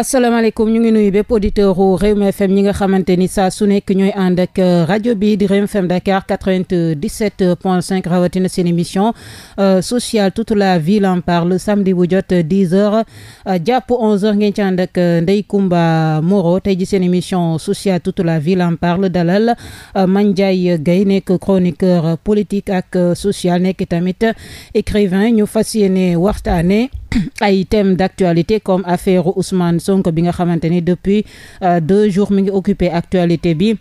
asalaamaaleykum ñu ngi nuyu bépp auditeur u Rewmi FM ñi nga xamante ni saa su nekk ñooy ànd ak euh, rajo bi di Rewmi FM Dakar quatre-vingt-dix-sept point cinq rawatina seen émission euh, sociale toute la ville en parle samedi bu jot dix heures euh, jàpp onze heures ngeen ci ànd ak Ndeye Comba Moreau tey ji seen émission sociale toute la ville en parle dalal Mane Ndiaye Gaye nekk chroniqueur politique ak social nekk tamit écrivain ñu fas yéene waxtaane ay thèmes d'actualité comme affaire Ousmane Sonko bi nga xamante ni depuis euh, deux jours mi ngi occupé actualité bi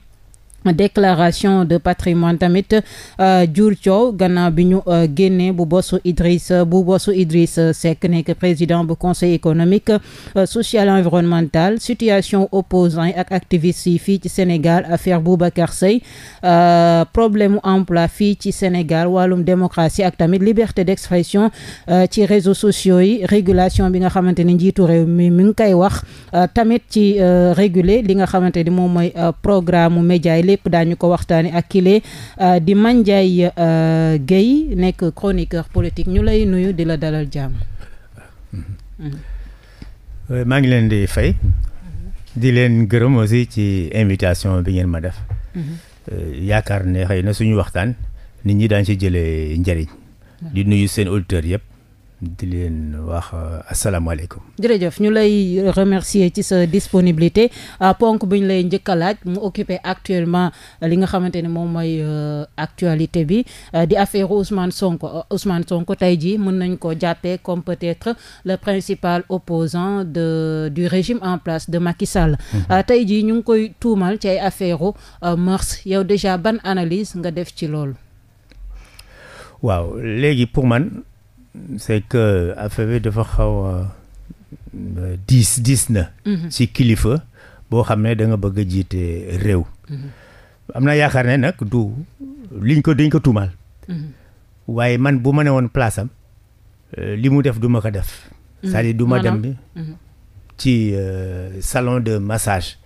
déclaration de patrimoine tamit euh, jur coow gannaaw bi ñu euh, génnee bu bossu Idriss bu bossu bosu Idriss euh, Seck nekk président bu conseil économique social environnemental situation opposant ak activiste yi fii ci Sénégal affaire Boubacar Seye problème emploi fii ci Sénégal wàllum démocratie ak tamit liberté d'expression ci réseau sociaux yi régulation bi nga xamante ni njiitu réew mi mi ngi koy wax tamit ci réguler li nga xamante ni moom mooy programme média yi lépp daañu ko waxtaane ak kile euh, di Mandiaye euh, Guèye nekk chroniqueur politique ñu lay nuyu di la dalal jàmm euh, maa ngi leen di fay di leen gërëm aussi ci invitation bi ngeen ma def yaakaar ne xëy na suñu waxtaan nit ñi daan ci jëlee njëriñ di nuyu seen auditeurs yëpp di leen wax asalaamaaleykum. jërëjëf ñu lay remercier ci sa disponibilité ah, ponk bu ñu lay njëkk a laaj mu occupé actuellement euh, li nga xamante ne moom mooy euh, actualité bi euh, di affaire Ousmane Sonko Ousmane Sonko tey jii mën nañ koo jàppee comme peut-être le principal opposant de du régime en place de Macky Sall. Mhm. Ah, tey jii ñu ngi koy tuumal ci ay affaire mœurs yow déjà ban analyse nga def ci loolu. waaw léegi pour man. c'est que affaire dafa xaw a euh, diis diis na. Mhm. ci kilifa boo xam ne danga bëgg jiite réew. Mhm. am na yaakaar ne nag du liñ ko dañ ko tuumaal. Mhm. waaye man bu ma ne woon place euh, li mu def du ma ko def. c'est-à-dire du ma dem bi ci euh, salon de massage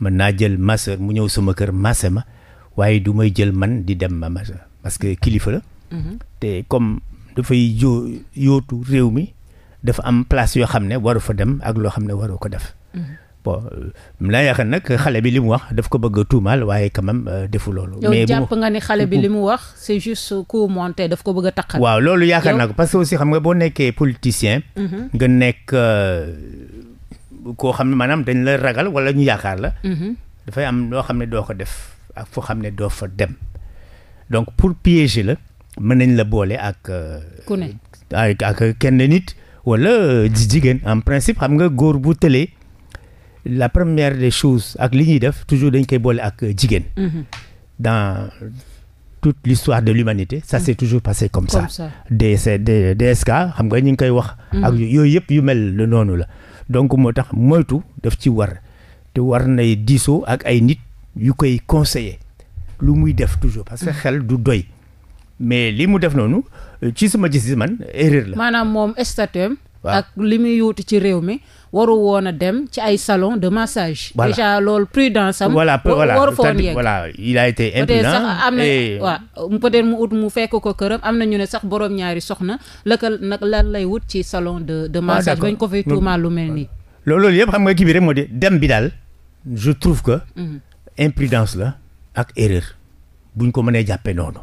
mën naa jël masseur mu ñëw sama kër massé ma waaye dumay jël man di dem ma masseur parce kilifa la. te comme dafay jo yootu réew mi dafa am place yoo xam ne waru fa dem ak loo xam ne waru ko def mm-hmm. bon euh, laa yaakaar nag xale bi li mu wax daf ko bëgg a tuumaal waaye quand même euh, defu loolu. mais jàpp nga ni xale mu wax c'est juste coup monté daf ko bëgg a taqal. waaw loolu yaakaar naa ko parce que aussi xam nga boo nekkee politicien. Mm-hmm. nga nekk euh, koo xam ne maanaam dañ la ragal wala ñu yaakaar la. Mm-hmm. dafay am loo xam ne doo ko def ak foo xam ne doo fa dem donc pour piéger la. mën nañ la boole ak. Euh, ku ne ak kenn nit wala euh, jigéen en principe xam nga góor bu tëlee la première des chose ak li ñuy def toujours dañ koy boole ak jigéen. Mm-hmm. dans toute l'histoire de l'humanité ça s'est mm-hmm. toujours passé comme ça. DSD DSK xam nga ñu ngi koy wax. Mm-hmm. ak yooyu yëpp yu mel noonu la. donc moo tax moytu daf ci war te war nay diisoo ak ay nit yu koy conseiller lu muy def toujours parce xel du doy. mais li mu def noonu euh, ci sama gis-gis man erreur la. maanaam moom statut ak li muy yuuti ci réew mi waru woon a dem ci ay salon de massage. voilà déjà loolu prudence am. voilà waru foon yegg voilà il am na waaw mu ut mu fekk ko këram am na ñu ne sax boroom ñaari soxna la ko nag lan lay wut ci salon de de ah, massage. bañ ko fay tuumaal lu mel nii. loolu yëpp xam nga kii bi moo de dem bi daal je trouve que. Mhm. imprudence la ak erreur buñ ko mënee jàppee noonu.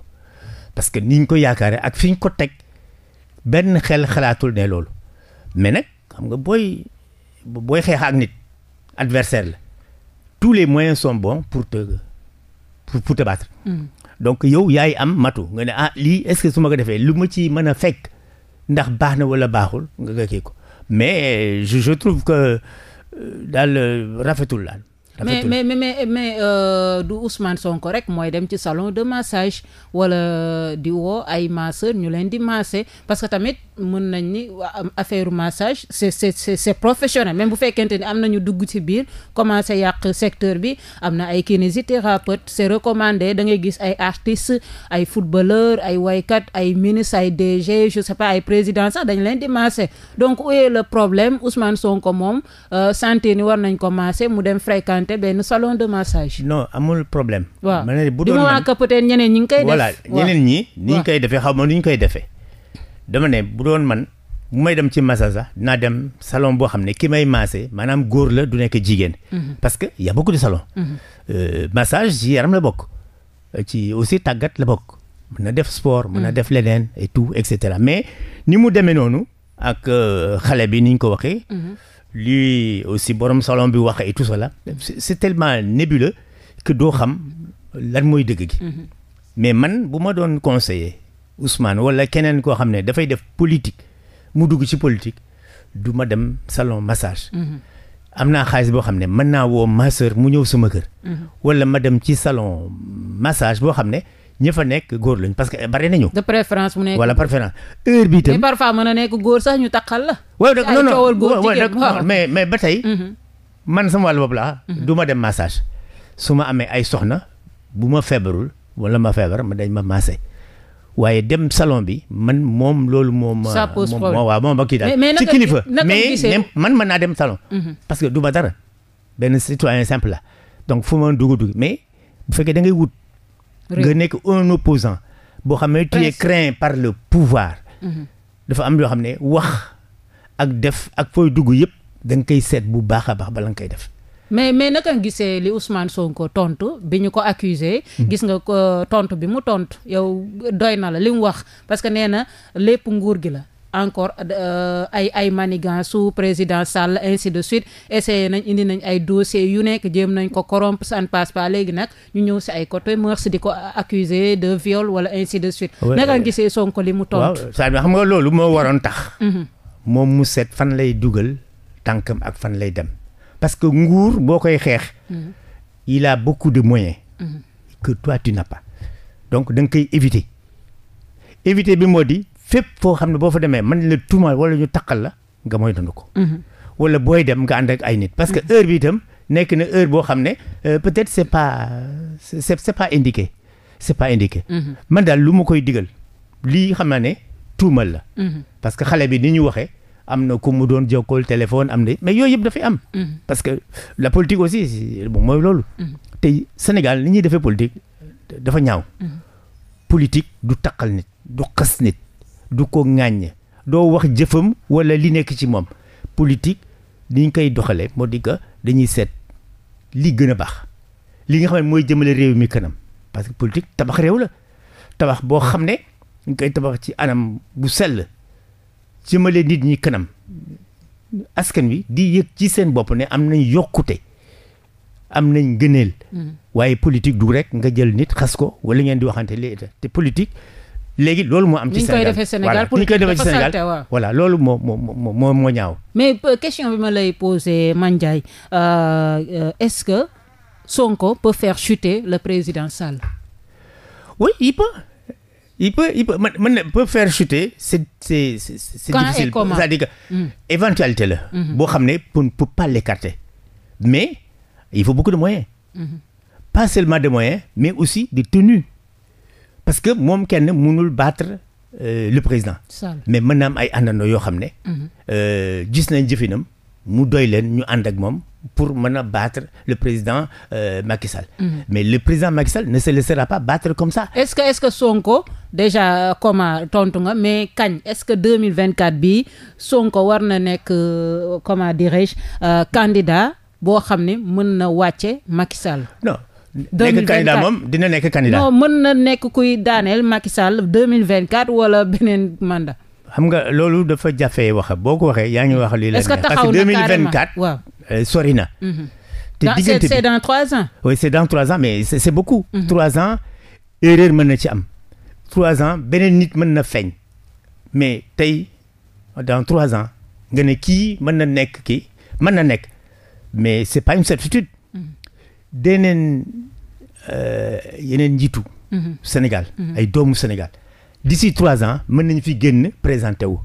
parce que ni ñu ko yaakaaree ak fi ko teg benn xel xalaatul ne loolu mais nag xam nga booy booy xeex ak nit adversaire la tous les moyens sont bons pour te pour, pour hmm. donc yow yaay am matu nga ne ah lii est su ma ko defee lu ma ci mën a fekk ndax baax na wala baaxul nga kii ko mais je, je trouve que euh, daal euh, rafetul daal. mais mais mais mais euh, du Ousmane Sonko rek mooy dem ci salon de massage wala di woo ay masseur ñu leen di masser parce que tamit. mën nañ ni affaire massage c'est c'est c'est c'est professionnel même bu fekkente ni am nañu ñu dugg ci biir commencé yàq secteur bi am na ay kinésithérapeute c'est recommandé da ngay gis ay artistes ay footballeur ay waykat ay ministre ay DG je sais pas ay président sax dañ leen di masser donc où est le problème Ousmane Sonko moom euh, santé ni war nañ ko masser mu dem fréquenter benn salon de massage non amul problème waaw ma ne bu doon ñeneen ñi ngi koy def voilà ñi ni koy defee xaw ma ni ñu koy defee dama ne bu doon man bu may dem ci massa sax dinaa dem salon boo xam ne ki may maase maanaam góor la du nekk jigéen. Mhm. parce que y a beaucoup ji salons. Mhm. Euh, massage ci yaram la bokk. aussi tàggat la bokk. mën na def sport mën na mhm. def leneen et tout et cetera mais ni mu demee noonu ak euh, xale bi ni ko waxee. lui aussi borom salon bi wax et tout cela c'est tellement nébuleux que doo xam lan mooy dëgg gi. mais man bu ma doon conseiller Ousmane walla keneen koo xam ne dafay def politique mu dugg ci politique du ma dem salon massage. Mhm. am naa xaalis boo xam ne mën naa woo masseur mu ñëw sama kër. Mhm. wala ma dem ci salon massage boo xam ne ña fa nekk góor lañ pare que bare nañu. de préférence mu nekk wala préférence heure bi itam. mais parfois mën na nekk góor sax ñu taxal la. waaw nag non non mais mais ba tey. Mhm. man sama wàllu bopp la du ma dem massage su ma amee ay soxna bu ma feebarul wala ma feebar ma dañ ma massé waaye dem salon bi man moom loolu moom. ça euh, pose problème moom waaw moom ma kilifa mais man mën naa dem salon. Mhm. parce que duma dara benn citoyen simple la donc foo ma dugg dugg mais bu fekkee da ngay wut. nga nekk un opposant boo xam ne tu es craint par le pouvoir. Mhm. dafa am yoo xam ne wax ak def ak fooy dugg yëpp da nga koy seet bu baax a baax bala nga koy def. mais mais naka nga gisee li Ousmane Sonko tontu bi ñu ko accusé hmm. gis nga ko euh, tontu bi mu tontu yow doy na la li mu wax parce que nee na lépp nguur gi la encore euh, ay ay manigance sous président Sall ainsi de suite essayé nañ indi nañ ay dossiers yu nekk jéem nañ ko corrompre ça ne passe pas léegi nag ñu ñëw si ay côté mœurs di ko accuser de viol wala ainsi de suite. naka nga gisee Sonko li mu tontu. waaw xam nga loolu moo waroon tax. Mm-hmm. moom mu seet fan lay dugal tànkam ak fan lay dem. parce que nguur boo koy xeex. Mm-hmm. il a beaucoup de moyens. Mm-hmm. donc da nga koy éviter éviter bi moo di fépp foo xam ne boo fa demee man la tuumaal wala ñu taqal la nga moytandu ko. Mm-hmm. wala booy dem nga ànd ak ay nit. parce que heure bi tam nekk na heure boo xam ne euh, peut-être c'est pas c'est c'est pas indiqué c'est pas indiqué. man daal lu ma koy digal lii xam naa ne tuumal la. parce que xale bi ni ñu waxee. am na ko mu doon jokkool téléphone am na mais yooy yëpp dafay am. Mm-hmm. parce que la politique aussi bon mooy loolu. Mm-hmm. tey Sénégal ni ñuy defee politique dafa ñaaw. Mm-hmm. politique du taqal nit du xas nit du ko ŋàññ doo wax jëfam wala li nekk ci moom politique ni ñu koy doxalee moo di dañuy seet li gën a baax li nga xam ne mooy jëmale réew mi kanam parce que politique tabax réew la tabax boo xam ne ñu koy tabax ci anam bu sell. ma jëmale nit ñi kanam askan wi di yëg ci seen bopp ne am nañ yokkute am nañ ngëneel mm. waaye politique du rek nga jël nit xas ko wala ngeen di waxante léegi te politique léegi loolu moo am ci Sénégal voilà ni ñu koy defee Sénégal voilà loolu moo moo moo moo ñaaw. mais euh, question bi ma lay poser Mandiaye euh, euh, est-ce que Sonko peut faire chuter le président Sall. oui il il peut il peut mën mën na peut faire chuter c'est c'est c'est difficile c'est-à-dire que hmm. éventualité la hmm. boo xam ne pour pour pas l'écarter mais il faut beaucoup de moyens hmm. pas seulement de moyens mais aussi de tenue parce que moom kenn mënul battre euh, le président mais mën am ay àndandoo yoo xam ne euh, gis nañ jëfinam mu doy leen ñu ànd ak moom pour mën a battre le président euh, Macky Sall. Mhm. mais le président Macky Sall ne se laissera pas battre comme ça. est ce que est ce Sonko déjà euh, comment euh, tontu nga mais kañ est ce que deux mille vingt quatre bii Sonko war na nekk euh, comment dirais je euh, candidat boo xam ni mën na wàcce Macky Sall. non nekk candidat moom dina nekk candidat. non mën na nekk kuy daaneel Macky Sall mille vingt quatre wala beneen mandat. xam nga loolu dafa jafe wax boo ko waxee yaa ngi wax li la neex parce que 2024 waaw euh, sori na mhm. te diggante bi c'est dans trois ans oui c'est dans trois ans mais c'est, c'est mhm. trois ans erreur mën na ci am trois ans beneen nit mën na feeñ mais tey dans trois ans nga ne kii mën na nekk kii mën na nekk mais c'est pas une certitude mhm. deneen euh, yeneen njiitu Sénégal ay doomu Sénégal d'ici trois ans mën nañu fi génn présenté wu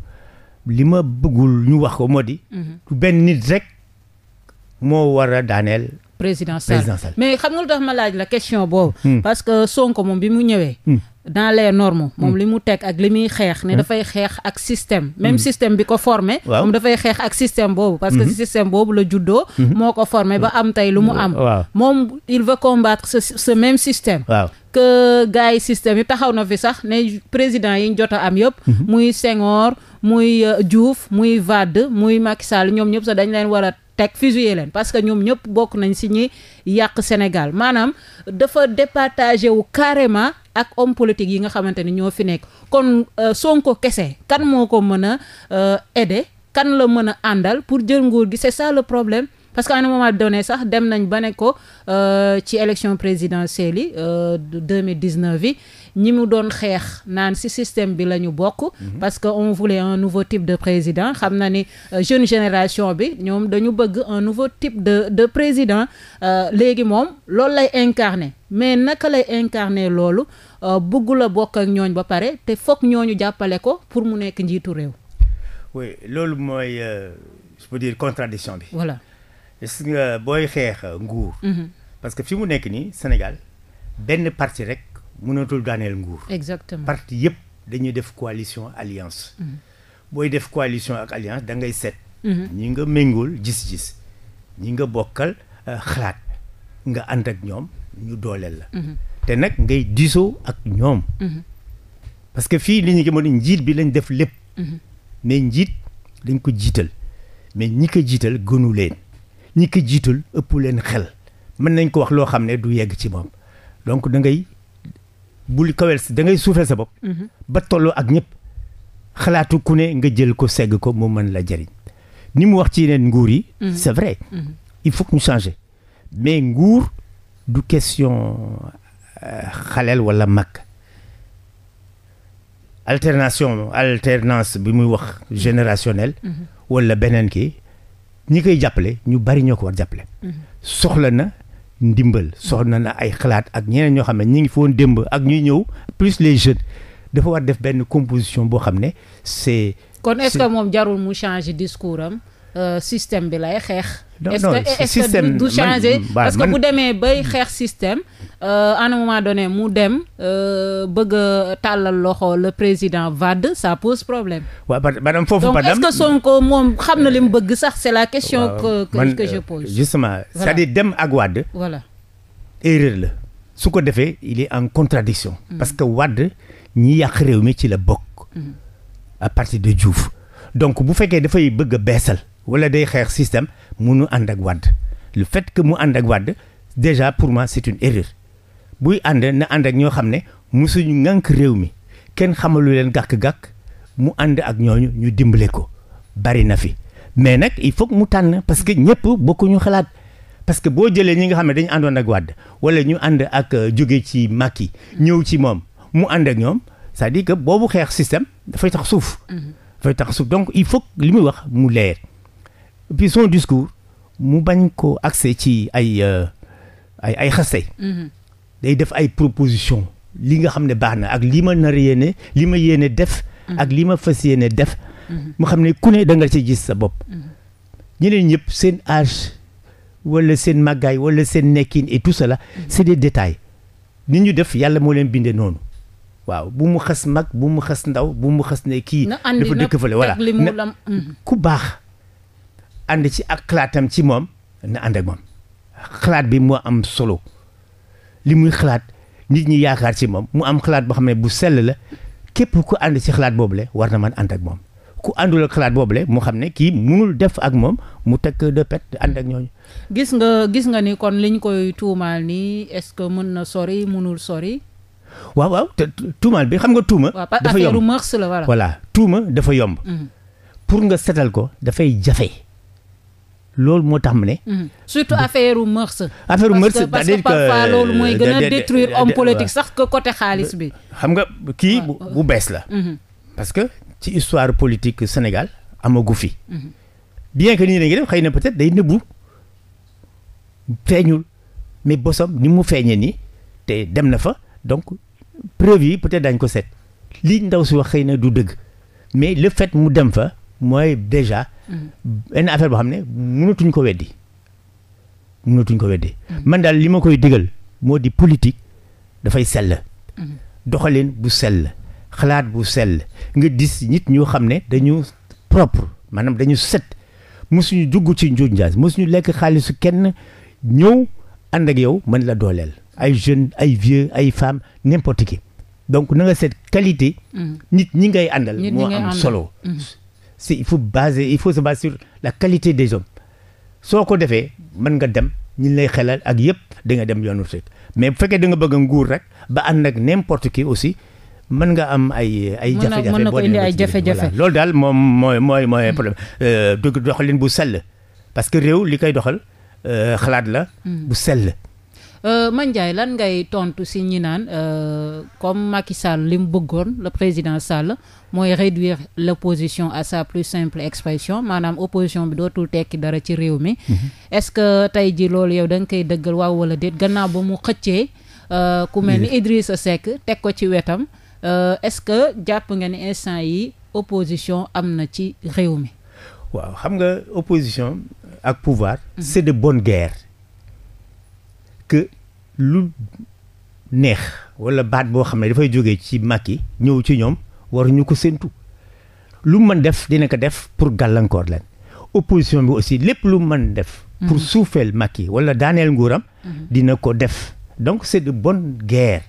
li ma bëggul ñu wax ko moo di. Mhm. benn nit rek moo war a daaneel. président Sall mais xam nga lu tax ma laaj la question boobu. Hmm. parce que Sonko moom bi mu ñëwee. Hmm. dans les normes moom hmm. li mu teg ak li muy xeex ne dafay xeex ak système même système bi ko formé moom dafay xeex ak système boobu parce que système boobu la juddoo moo ko formé ba am tey lu mu am moom il veut combattre ce, ce même système que gars yi système yi taxaw na fi sax ne président yi ñu jot a am yëpp. Mhm. muy Senghor muy euh, Diouf muy Wade muy Macky Sall ñoom ñëpp sax dañ leen war a teg fusiller leen parce que ñoom ñëpp bokk nañ si ñi yàq Sénégal maanaam dafa départagé wu carrément ak homme politique yi nga xamante ni ñoo fi nekk kon euh, soo ko kese kan moo ko mën a euh, aider kan la mën a àndal pour jël nguur gi c'est ça le problème. parce que à un moment donné sax dem nañ ba ne ko euh, ci élection présidentielle yi 2019 euh, yi ñi mu doon xeex naan si système bi la ñu bokk. Mhm. parce que on voulait un nouveau type de président xam na ni euh, jeune génération bi ñoom dañu bëgg un nouveau type de de président léegi moom loolu lay incarner mais naka lay incarner loolu bëggu la bokk ak ñooñ ba pare te foog ñooñu jàppale ko pour mu nekk njiitu réew. loolu mooy je peux dire contradiction bi. voilà booy xeex nguur. Mhm. parce que fi mu nekk nii Sénégal benn parti rek mënatul daaneel nguur. exactement parti yëpp dañuy def coalition alliance. Mhm. booy def coalition ak alliance dangay ngay mhm. ñi nga méngool gis-gis ñi nga bokkal euh, xalaat nga ànd ak ñoom ñu dooleel la. te nag ngay diisoo ak ñoom. parce que fii li ñu gëmoon njiit bi lañ def lépp. mais njiit dañ ko jiital mais ñi ko jiital gënu ñi ko jiitul ëpp leen xel mën nañ ko wax loo xam ne du yegg ci moom donc da ngay bul kawel da ngay suufeel sa bopp. Mhm. ba tolloo ak ñëpp xalaatu ku ne nga jël ko segg ko mu mën la jëriñ ni mu wax ci yeneen nguur yi. Mhm. c'est vrai mhm. il faut ñu changer mais nguur du question euh, xaleel wala mag. alternation alternance bi muy wax générationnelle. wala beneen kii ñi koy jàppale ñu bari ñoo ko war jàppale. Mhm. soxla na ndimbal soxla na ay xalaat ak ñeneen ñoo xam ne ñi ngi foo démb ak ñuy ñëw plus les jeunes dafa war def benn composition boo xam ne c'est. kon est-ce que moom jarul mu changer discours am. Euh, système bi lay xeex. est ce que du changer parce que bu demee bay xeex système euh, à un moment donné mu dem euh, bëgg a tàllal loxo le président Wade ça pose problème. waaw maanaam foofu donc est ce que Sonko moom xam na li mu bëgg sax c' est la question. que que je pose. justement c'est-à-dire dem ak Wade. voilà erreur la. su ko defee il est en contradiction mm. parce que Wade ñi yàq réew mi ci la bokk. Mm. à partir de Diouf donc bu fekkee dafay bëgg a beesal. wala day xeex système munu ànd ak Wade le fait que mu ànd ak Wade déjà pour moi c'est une erreur buy ànd na ànd ak ñoo xam ne musuñu ŋànk réew mi kenn xamalu leen gàkk-gàkk mu ànd ak ñooñu ñu dimbale ko bari na fi mais nag il faut mu tànn parce que ñëpp bokkuñu xalaat parce que boo jëlee ñi nga xam ne dañu àndoon ak Wade wala ñu ànd ak euh, jóge ci Macky ñëw ci moom mu ànd ak ñoom c'est-à-dire que boobu xeex système dafay tax suuf mm-hmm. dafay tax suuf donc il faut li muy wax mu leer puis son discours mu bañ ko accès ci ay euh, ay ay xaste mhm. day def ay proposition li nga xam ne baax na ak lii ma nar yéene li ma yéene def mhm. ak lii ma fas yéene def mhm. mu xam ne ku ne da nga ci gis sa bopp ñeneen ñëpp seen âge wala seen màggaay wala seen nekkin et tout sa la c'est des détails nit ñu def yàlla moo leen bindee noonu waaw bu mu xas mag bu mu xas ndaw bu mu xas ne kii dafa dëkk fële voilà ku baax ànd ci ak xalaatam ci moom na ànd ak moom xalaat bi moo am solo li muy xalaat nit ñi yaakaar ci moom mu am xalaat boo xam ne bu sell la képp ku ànd ci xalaat boobu boobule war na man ànd ak moom ku àndul ak xalaat boobule mu xam ne kii munul def ak moom mu tekk de pet ànd ak ñooñu. gis nga gis nga ni kon liñ koy tuumaal nii est-ce que mën na sori munul sori. waaw waaw tuumaal bi xam nga tuuma. dafa yomb waaw affaire mœurs la voilà. tuuma dafa yomb. Mm-hmm. pour nga setal ko dafay jafe. loolu moo tax mu ne. surtout affaire u mœurs. affaire u mœurs cest que parce que parfois euh, a détruire homme sax côté xaalis bi. xam nga kii bu bees la. Mm-hmm. parce que ci histoire politique Sénégal amagu fi. Mm-hmm. bien que nii la ngi def xëy na peut-être day nëbbu feeñul mais bosom ni mu feeñee nii te dem na fa donc preuve yi peut dañ ko set lii ndaw si wax xëy na du dëgg mais le fait mu dem fa. mooy déjà. Mm-hmm. benn affaire boo xam ne mënatuñ ko weddi mënatuñ ko weddi. Mm-hmm. man daal li ma koy digal moo di politique dafay sell. Mm-hmm. doxalin bu sell xalaat bu sell nga gis nit ñu xam ne dañu propre maanaam dañu set mosuñu dugg ci njuuj njaas mosuñu lekk xaalisu kenn ñëw ànd ak yow man la dooleel ay jeunes ay vieux ay femmes n'importe qui donc na nga set qualité. nit ñi ngay àndal. moo am solo. si il faut baser il faut se baser sur la qualité des hommes soo ko defee mën nga dem ñi lay xelal ak yëpp danga dem yoonu sut mais bu fekkee da nga bëgg nguur rek ba ànd ak n'importe qui aussi mën nga am ay ay jafe-jafe boo ay jafe-jafe loolu daal moom mooy mooy mooy problème euh, du bu sell parce que réew li koy doxal euh, xalaat la hmm. bu sell Euh, Man Ndiaye lan ngay tontu si ñi naan euh, comme euh, Macky Sall li mu bëggoon la président Sall mooy réduire l'opposition à sa plus simple expression maanaam opposition bi dootul tekki dara ci réew mi mm-hmm. est-ce que tey ji loolu yow da nga koy dëggal waaw wala déet gannaaw ba mu xëccee euh, ku mel ni Idrissa Seck teg ko ci wetam euh, est-ce que jàpp nga ni instant yi opposition am na ci réew mi waaw xam nga opposition ak pouvoir mm-hmm. c'est de bonne guerre que lu neex wala baat boo xam ne dafay jógee ci yi ñëw ci ñoom waruñu ko séntu lu mu mën def dina ko def pour gàllankoor la opposition bi aussi lépp lu mu def. pour mm-hmm. suufeel Macky wala daaneel nguuram. Mm-hmm. dina ko def donc c' est de bonne guerre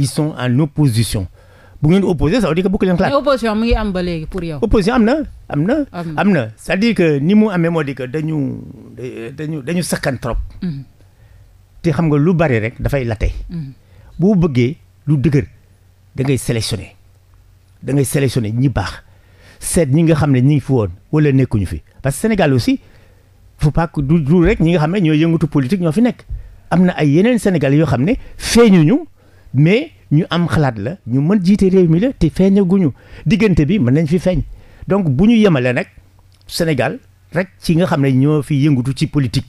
ils sont en opposition bu ngeen opposé ça veut dire que bokk opposition ngi am ba léegi pour yow. opposition am na am na. am na c' est dire que ni mu amee moo di que dañu dañu dañu sakkan trop. Mm-hmm. te xam nga lu bari rek dafay late. boo bëggee lu dëgër da ngay da ngay sélectionné ñi baax seet ñi nga xam ne ñi ngi fi woon wala nekkuñu fi parce que Sénégal aussi fu pas que du du rek ñi nga xam ne ñooy yëngatu politique ñoo fi nekk am na ay yeneen Sénégal yoo xam ne feeñuñu mais ñu am xalaat la ñu mën jiite réew mi la te feeñaguñu diggante bi mën nañ fi feeñ donc bu ñu yemale nag Sénégal rek ci nga xam ne ñoo fi yëngatu ci politique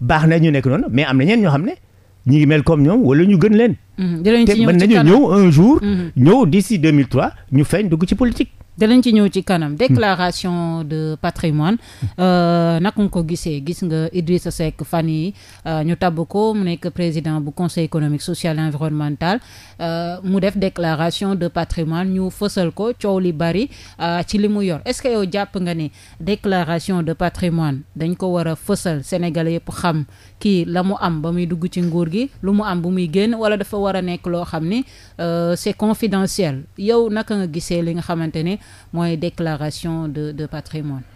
baax na ñu nekk noonu mais am na ñeen ñoo xam ne ñi ngi ñoom wala ñu gën leen. Mhm. te mën nañu ñëw un jour. Mhm. ñëw d'ici 2003 ñu feeñ dugg ci politique. danañ ci ñëw ci kanam mhm. déclaration de patrimoine euh, naka nga ko gisee gis nga Idrissa Seck fan yi euh, ñu tabb ko mu nekk président bu conseil économique social et environnemental euh, mu def déclaration de patrimoine ñu fësal ko coow li bari ci li mu yor est-ce que yow jàpp nga ni déclaration de patrimoine dañ ko war a fësal sénégal yëpp xam kii la mu am ba muy dugg ci nguur gi lu mu am bu muy génn wala dafa war a nekk loo xam ni euh, c'est confidentiel yow naka nga gisee li nga xamante ne mooy déclaration de de patrimoine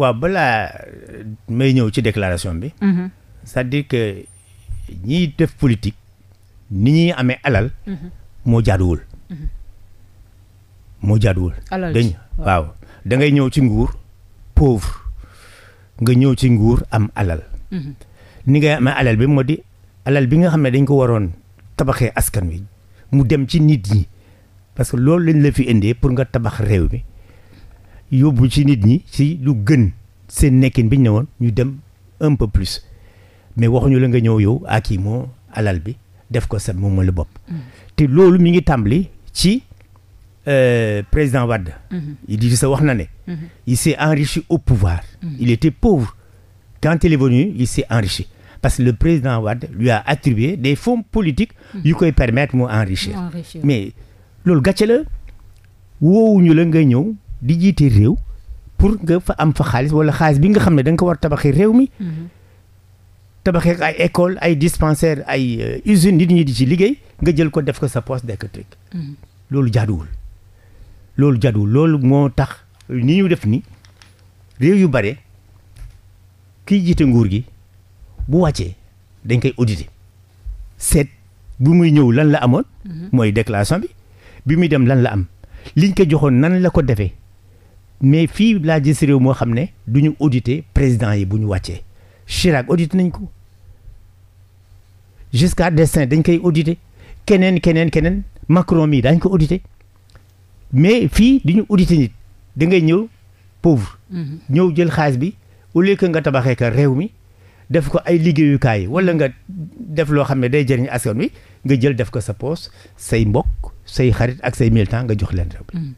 waaw balaa may ñëw ci déclaration bi mm-hmm. c'est-à-dire que ñiy def politique ni ñuy amee alal mm-hmm. moo jaaduwul mm-hmm. moo jaaduwul dañ waaw da ñëw ci nguur pauvre nga ñëw ci nguur am alal ni ngay amee alal bi moo di alal bi nga xam ne dañ ko waroon tabaxee askan wi mu dem ci nit ñi parce que loolu lañ la fi indee pour nga tabax réew mi yóbbu ci nit ñi ci lu gën seen nekkin bi ñu ñu dem un peu plus mais waxuñu la nga ñëw yow ak yi moo alal bi def ko sa moom la bopp. Mm. te loolu mu ngi tàmbali ci euh, président Wade. Mm-hmm. Idrissa wax na ne. Mm-hmm. il s'est enrichi au pouvoir. Mm. il était pauvre. Quand il est venu, il s'est enrichi. Parce que le président Wade lui a attribué des fonds politiques yu koy permettre mu enrichir. mais loolu gàcce la woowuñu la nga ñëw di jiitee réew pour nga fa am fa xaalis wala xaalis bi nga xam ne da ko war tabaxee réew mi. Mm-hmm. tabaxee ay école ay dispensaire ay euh, usines nit ñi di ci liggéey nga jël ko def ko sa poste d'électrique. Mm-hmm. loolu jaaduwul. loolu jaaduwul loolu moo tax ni ñu def nii réew yu bare. kiy jiite nguur gi bu wàccee dañ koy auditer seet bu muy ñëw lan la amoon. Mhm. mooy déclaration bi bi muy dem lan la am liñ ko joxoon nan la ko defee mais fii laa si réew moo xam ne duñu ñu président yi bu ñu wàccee Chirac audité nañ ko jusqu'à destin dañ koy auditer keneen keneen keneen Macron mii daañ ko auditer mais fii du ñu auditer nit da ñëw pauvre. Mhm. ñëw jël xaalis bi au lieu que nga tabaxee ka réew mi def ko ay liggéeyukaay wala nga def loo xam ne day jëriñ askan wi nga jël def ko sa poos say mbokk say xarit ak say mille militant nga jox leen réew mi mm.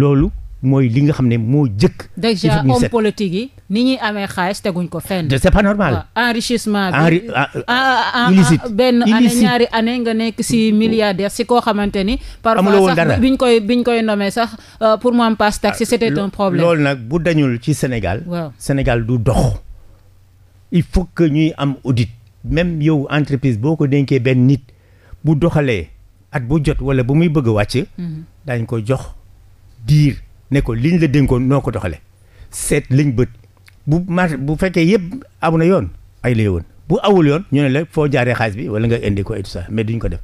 loolu mooy li nga xam ne moo jëkk. déjà homme politique yi ni ñuy amee xaalis teguñ ko fenn. c'est pas normal. enrichissement bi ah, ah, ah, illicite benn année ñaari nga nekk si milliardaire si koo xamante ni. amuloo parfois sax biñ koy biñ koy nommé sax euh, pour mu am passe taxi c'était un problème. lool nag bu dañul ci Sénégal. waaw Sénégal du dox. il faut que ñuy am audit même yow entreprise boo ko dénkee benn nit bu doxalee at bu jot wala ba muy bëgg a wàcc. Mhm. daañ ko jox diir ne ko liñ la dénkoon noo ko doxale seet liñ bët bu marché bu fekkee yëpp aw na yoon ay la yoon bu awul yoon ñoo ne la foo jaaree xaalis bi wala nga indi ko et tout ça mais ko def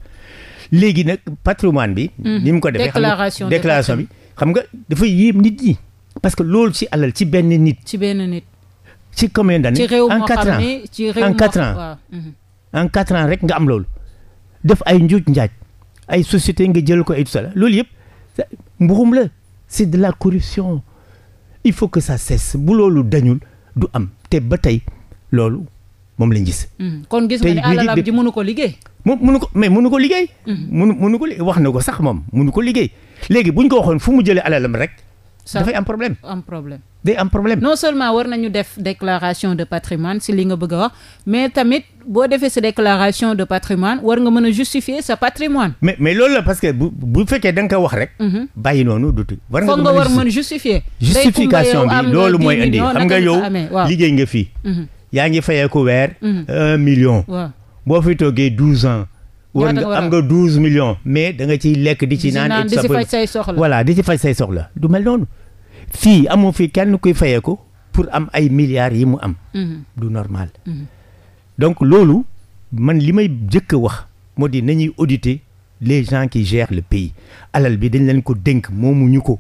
léegi nag patrimoine bi. Mhm. ni ko defee déclaration déclaration bi xam nga dafa yéem nit ñi. parce que loolu ci alal ci benn nit. ci benn nit. ci combien d'années en quatre ans ci réew en quatre ans mhm. en quatre ans rek nga am loolu. def ay njuuj njaaj ay société nga jël ko et tout loolu yëpp mbuxum la. c'est de la corruption il faut que ça cesse bu loolu dañul du am te ba tey loolu moom lañ gis. Hmm. kon gis nga ne alalam ji mënu ko liggéey. mu mënu ko mais mënu ko liggéey. Hmm. mënu mënu ko wax na ko sax moom mënu ko liggéey léegi bu ñu ko waxoon fu mu jëlee alalam rek. sa am problème am problème. day am problème non seulement war nañu def déclaration de patrimoine si li nga bëgg a wax mais tamit boo defee sa déclaration de patrimoine war nga mën a justifier sa patrimoine mais mais loolu la parce que bu bu fekkee da nga ko wax rek. Mhm. bàyyi noonu dutu war nga war mën justifier justification bi loolu mooy indi xam nga yow liggéey nga fii. Mhm. yaa ngi fayee weer. Mhm. million. boo fi toogee douze ans. war nga am nga douze millions mais da nga ciy lekk di ci naan di ci faj say soxla voilà di ci faj say soxla du mel noonu fii amoo fii kenn kuy fayee ko pour am ay milliards yi mu am mhm. du normal mhm. donc loolu man li may jëkk a wax moo di nañuy auditer les gens qui gèrent le pays alal bi dañ leen ko dénk moomuñu ko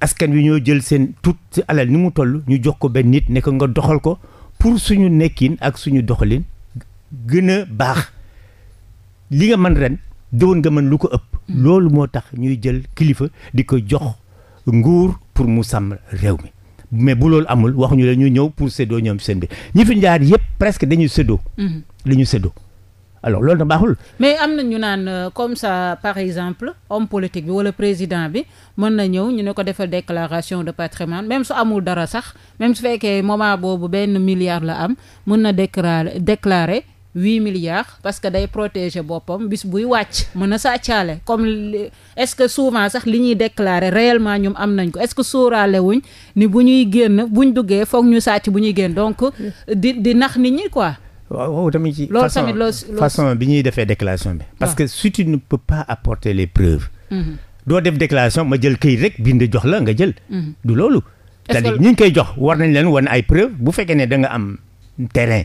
askan wi ñoo jël seen tout ci alal ni mu toll ñu jox ko benn nit nekk nga doxal ko pour suñu nekkin ak suñu doxalin gën a baax li nga mën ren déwoon nga mën lu ko ëpp. Mm. loolu moo tax ñuy jël kilifa di ko jox nguur pour mu sàmm réew mi mais bu loolu amul waxuñu la ñu ñëw pour séddoo ñoom seen bi ñi fi njaar yëpp presque dañuy séddoo. Mm-hmm. li ñu séddoo. alors loolu na baaxul. mais am na ñu naan euh, comme ça par exemple homme politique bi walla président bi mën na ñëw ñu ne ko defal déclaration de patrimoine même su amul dara sax même su fekkee moment boobu benn milliard la am mën na déclarer déclarer huit milliards parce que day protégé boppam bis buy wàcc mën a sàccaale comme est-ce que souvent sax li ñuy déclarer réellement ñoom am nañ ko est-ce que sóoraale wuñ ni bu ñuy génn buñ duggee foog ñu sàcc bu ñuy génn donc di di nax nit ñi quoi. waaw tamit ci façon façon bi ñuy defee déclaration bi. parce que si tu ne peux pas apporter les preuves. Mhm. doo def déclaration ma jël këy rek bind jox la nga jël. Mhm. du loolu. c'est-à-dire koy jox war nañ leen wan ay preuves bu fekkee ne da nga am terrain.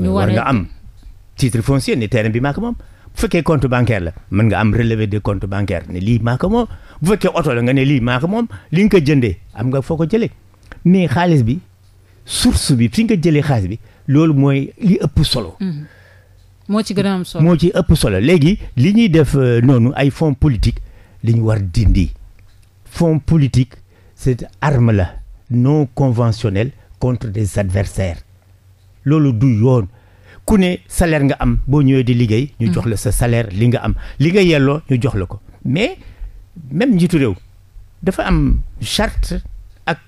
ñu war nga am titre foncier ni terrain bi maa moom bu fekkee compte bancaire la mën nga am relevé de compte bancaire ne lii maa ko moom bu fekkee oto la nga ne lii maa ko moom li nga ko jëndee am nga foo ko jëlee mais xaalis bi source bi fi nga jëlee xaalis bi loolu mooy li ëpp solo. Mhm. moo ci gën am solo ci ëpp solo léegi li ñuy def euh, noonu ay fonds politique li ñu war dindi fonds politique c'est arme la non conventionnelle contre des adversaires loolu du yoon ku ne salaire nga am boo ñëwee di liggéey. ñu mm. jox la sa salaire li nga am li nga yelloo ñu jox la ko mais même njiitu réew dafa am charte ak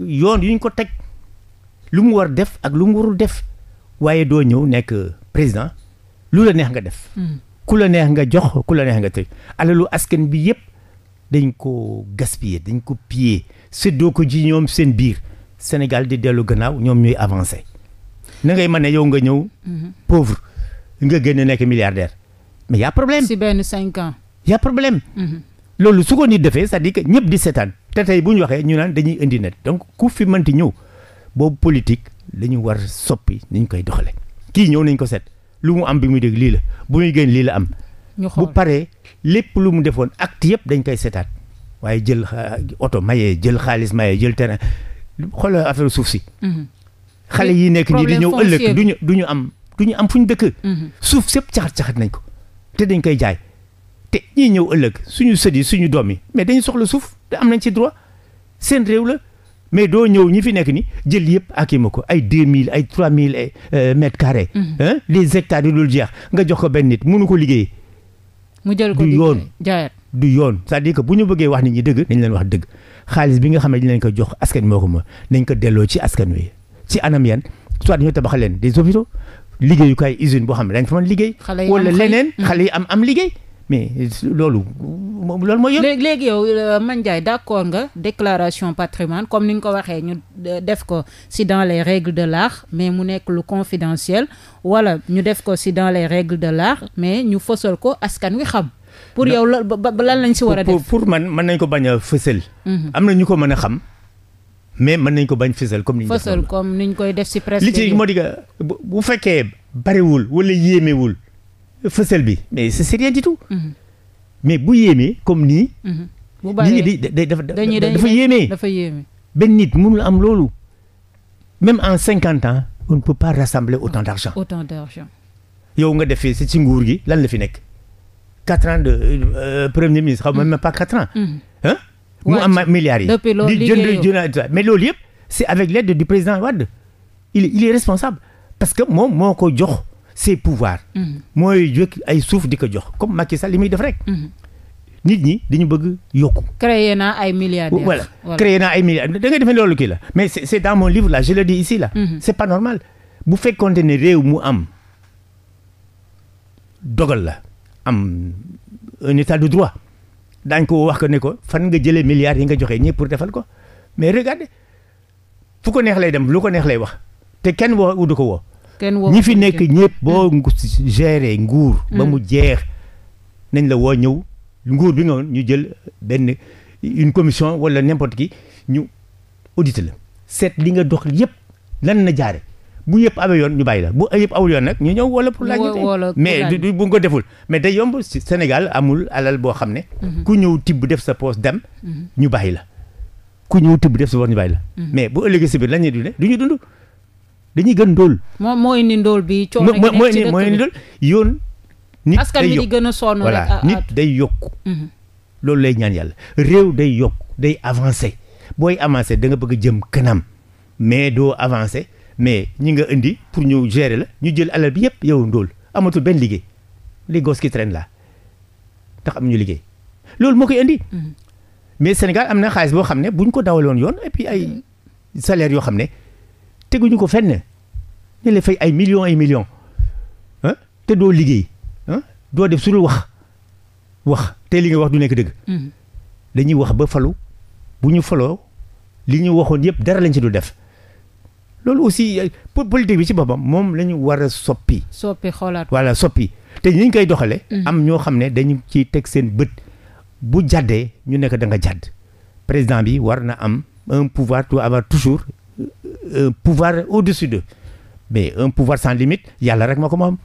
yoon yu ñu ko teg lu mu war def ak lu mu warul def waaye doo ñëw nekk président lu la neex nga def. Mm. ku la neex nga jox ku la neex nga tëj alalu askan bi yépp dañ ko gaspiller dañ ko piller séddoo ko ji ñoom seen biir Sénégal di dellu gannaaw ñoom ñuy avancer. na ngay mën yow nga ñëw. Mhm. pauvre nga génn nekk milliardaire mais y' a problème. si benn cinq y' a problème. Mhm. loolu su ko nit defee cest à ñëpp di seetaan te tey bu ñu waxee ñu naan dañuy indi net donc ku fi mënti ñëw boobu politique dañu war soppi ni ñu koy doxale kii ñëw nañ ko set lu mu am bi muy dégg lii la bu muy génn lii la am. bu paree lépp lu mu defoon acte yëpp dañ koy seetaat waaye jël euh, oto mayee jël xaalis mayee jël terrain xoolal affaire suuf si. Mhm. xale yi nekk nii di ñëw ëllëg du ñu am du ñu am fu ñu dëkk mhm. suuf sëpp caxat-caxat nañ ko te dañ koy jaay te ñii ñëw ëllëg suñu sët yi suñu doom yi mais dañu soxla suuf te am nañ ci droit seen réew la mais doo ñëw ñi fi nekk nii jël yëpp akima ko ay deux mille ay trois mille euh, mètres carrés mhm. les hectares yi dul jeex nga jox ko benn nit mënu ko liggéey mu jël ko du yoon du yoon c'est-à-dire que bu ñu bëggee wax nit ñi dëgg nañ leen wax dëgg xaalis bi nga xam ne dañ leen ko jox askan moo ko ma dañ ko delloo ci askan wi ci anam yan soit ñu tabaxal leen des hôpitaux liggéeyukaay usine boo xam ne dañ fa mën liggéey. wala leneen hmm. xale yi am am liggéey. mais loolu loolu mooy yow. léegi yow euh, Man Ndiaye d'accord nga déclaration patrimoine comme ni nga ko waxee ñu euh, def ko si dans les règles de l'art mais mu nekk lu confidentiel wala ñu def ko si dans les règles de l'art mais ñu fësal ko askan wi xam. pour yow lan lañ si war a def pour man mën nañ ko bañ a fësal. Mhm. am na ñu ko mën a xam. mais mën nañ ko bañ fësal comme ni ñu ñu koy def ci presse li ci moo di nga bu fekkee bariwul wala yéemewul fësal bi mais c'est rien du tout mhm. mais bu yéemee comme nii mhm. bu dafa yéemee dafa yéemee benn nit mënul am loolu même en cinquante ans on ne peut pas rassembler autant d'argent yow nga defee si ci nguur gi lan la fi nekk quatre ans de euh, euh premier ministre xaw ma pas quatre ans mhm. hein mu am milliards yi di jënd journaliste mais loolu yëpp c'est avec l'aide du président Wade il est responsable parce que moom moo ko jox ses pouvoirs mm-hmm. mooy jóg ay suuf di ko jox comme Macky Sall li muy def rek mm-hmm. nit ñi dañu bëgg yokku créé naa ay milliardaires voilà créé naa ay milliards da nga defee loolu kii la mais c'est c'est dans mon livre là je le dis ici là mm-hmm. c'est pas normal bu fekkonte ne réew mu am dogal la am un état de droit daañ ko wax ko ne ko fan nga jëlee milliards yi nga joxe ñëpp pour defal ko mais regardez fu ko neex lay dem lu ko neex lay wax te kenn woo du ko woo. kenn woo ñi fi nekk ñëpp boo mm. gérer nguur. ba mu mm. jeex nañ la woo ñëw nguur bi nga ñu jël benn une commission wala n'importe qui ñu auditer la. seet li nga dox yëpp lan na jaare bu yëpp amee yoon ñu bàyyi la bu yëpp awul yoon nag ñu ñëw wala pour laaj mais du bu ko deful mais day yomb Sénégal amul alal boo xam ne mhm. ku ñëw tibb def sa poos dem mhm. ñu bàyyi la ku ñëw tibb def sa poos ñu bàyyi la mhm. mais bu ëllëgee si biir lañ ñuy du ñu dund dañuy gën ndóol moo ni ndóol bi coono mooy ni ndóol yoon nit askan bi di gën a sonn voilà nit day yokk loolu lay ñaan yàlla réew day yokk day avancé booy avancé da nga bëgg jëm kanam mais doo avancé mais ñi nga indi pour ñu gérer la ñu jël alal bi yëpp yow ndóol amatul benn liggéey les gosses qui traînent là ndax am ñu liggéey loolu moo koy indi. Mm-hmm. mais Sénégal am na xaalis boo xam ne bu ñu ko dawaloon yoon et puis ay salaire yoo xam ne teguñu ko fenn ne la fay ay millions ay millions te doo liggéey doo def su dul wax wax te li nga wax du nekk dëgg. Mm-hmm. dañuy wax ba falu bu ñu faloo li ñu waxoon yëpp dara lañ si du def. loolu aussi euh, politique bi ci boppam moom la ñu war a soppi. soppi xoolaat voilà soppi te ni ñu koy doxalee. Mhm. am ñoo xam ne dañu ciy teg seen bët. bu jàddee ñu nekk da nga jàdd président bi war na am un pouvoir tu toujours euh, euh, un pouvoir au-dessus de mais un pouvoir sans limite yàlla rek ma ko moom.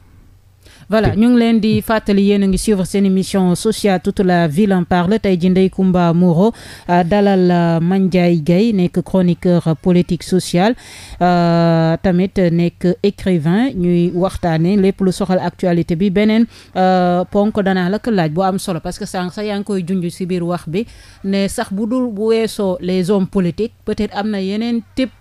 voilà ñu ngi leen di fàttali yéen a ngi suivre seen mission sociale toute la ville en parle tey ji kumba Comba Moreau euh, dalal euh, Mandiaye Gaye nekk chroniqueur politique sociale euh, tamit nekk écrivain ñuy waxtaane lépp lu soxal actualité bi beneen ponk danaa la ko laaj bu am solo parce que sànq sax yaa ngi koy junj si biir wax bi ne sax bu dul bu weesoo les hommes politiques peut-être am na yeneen type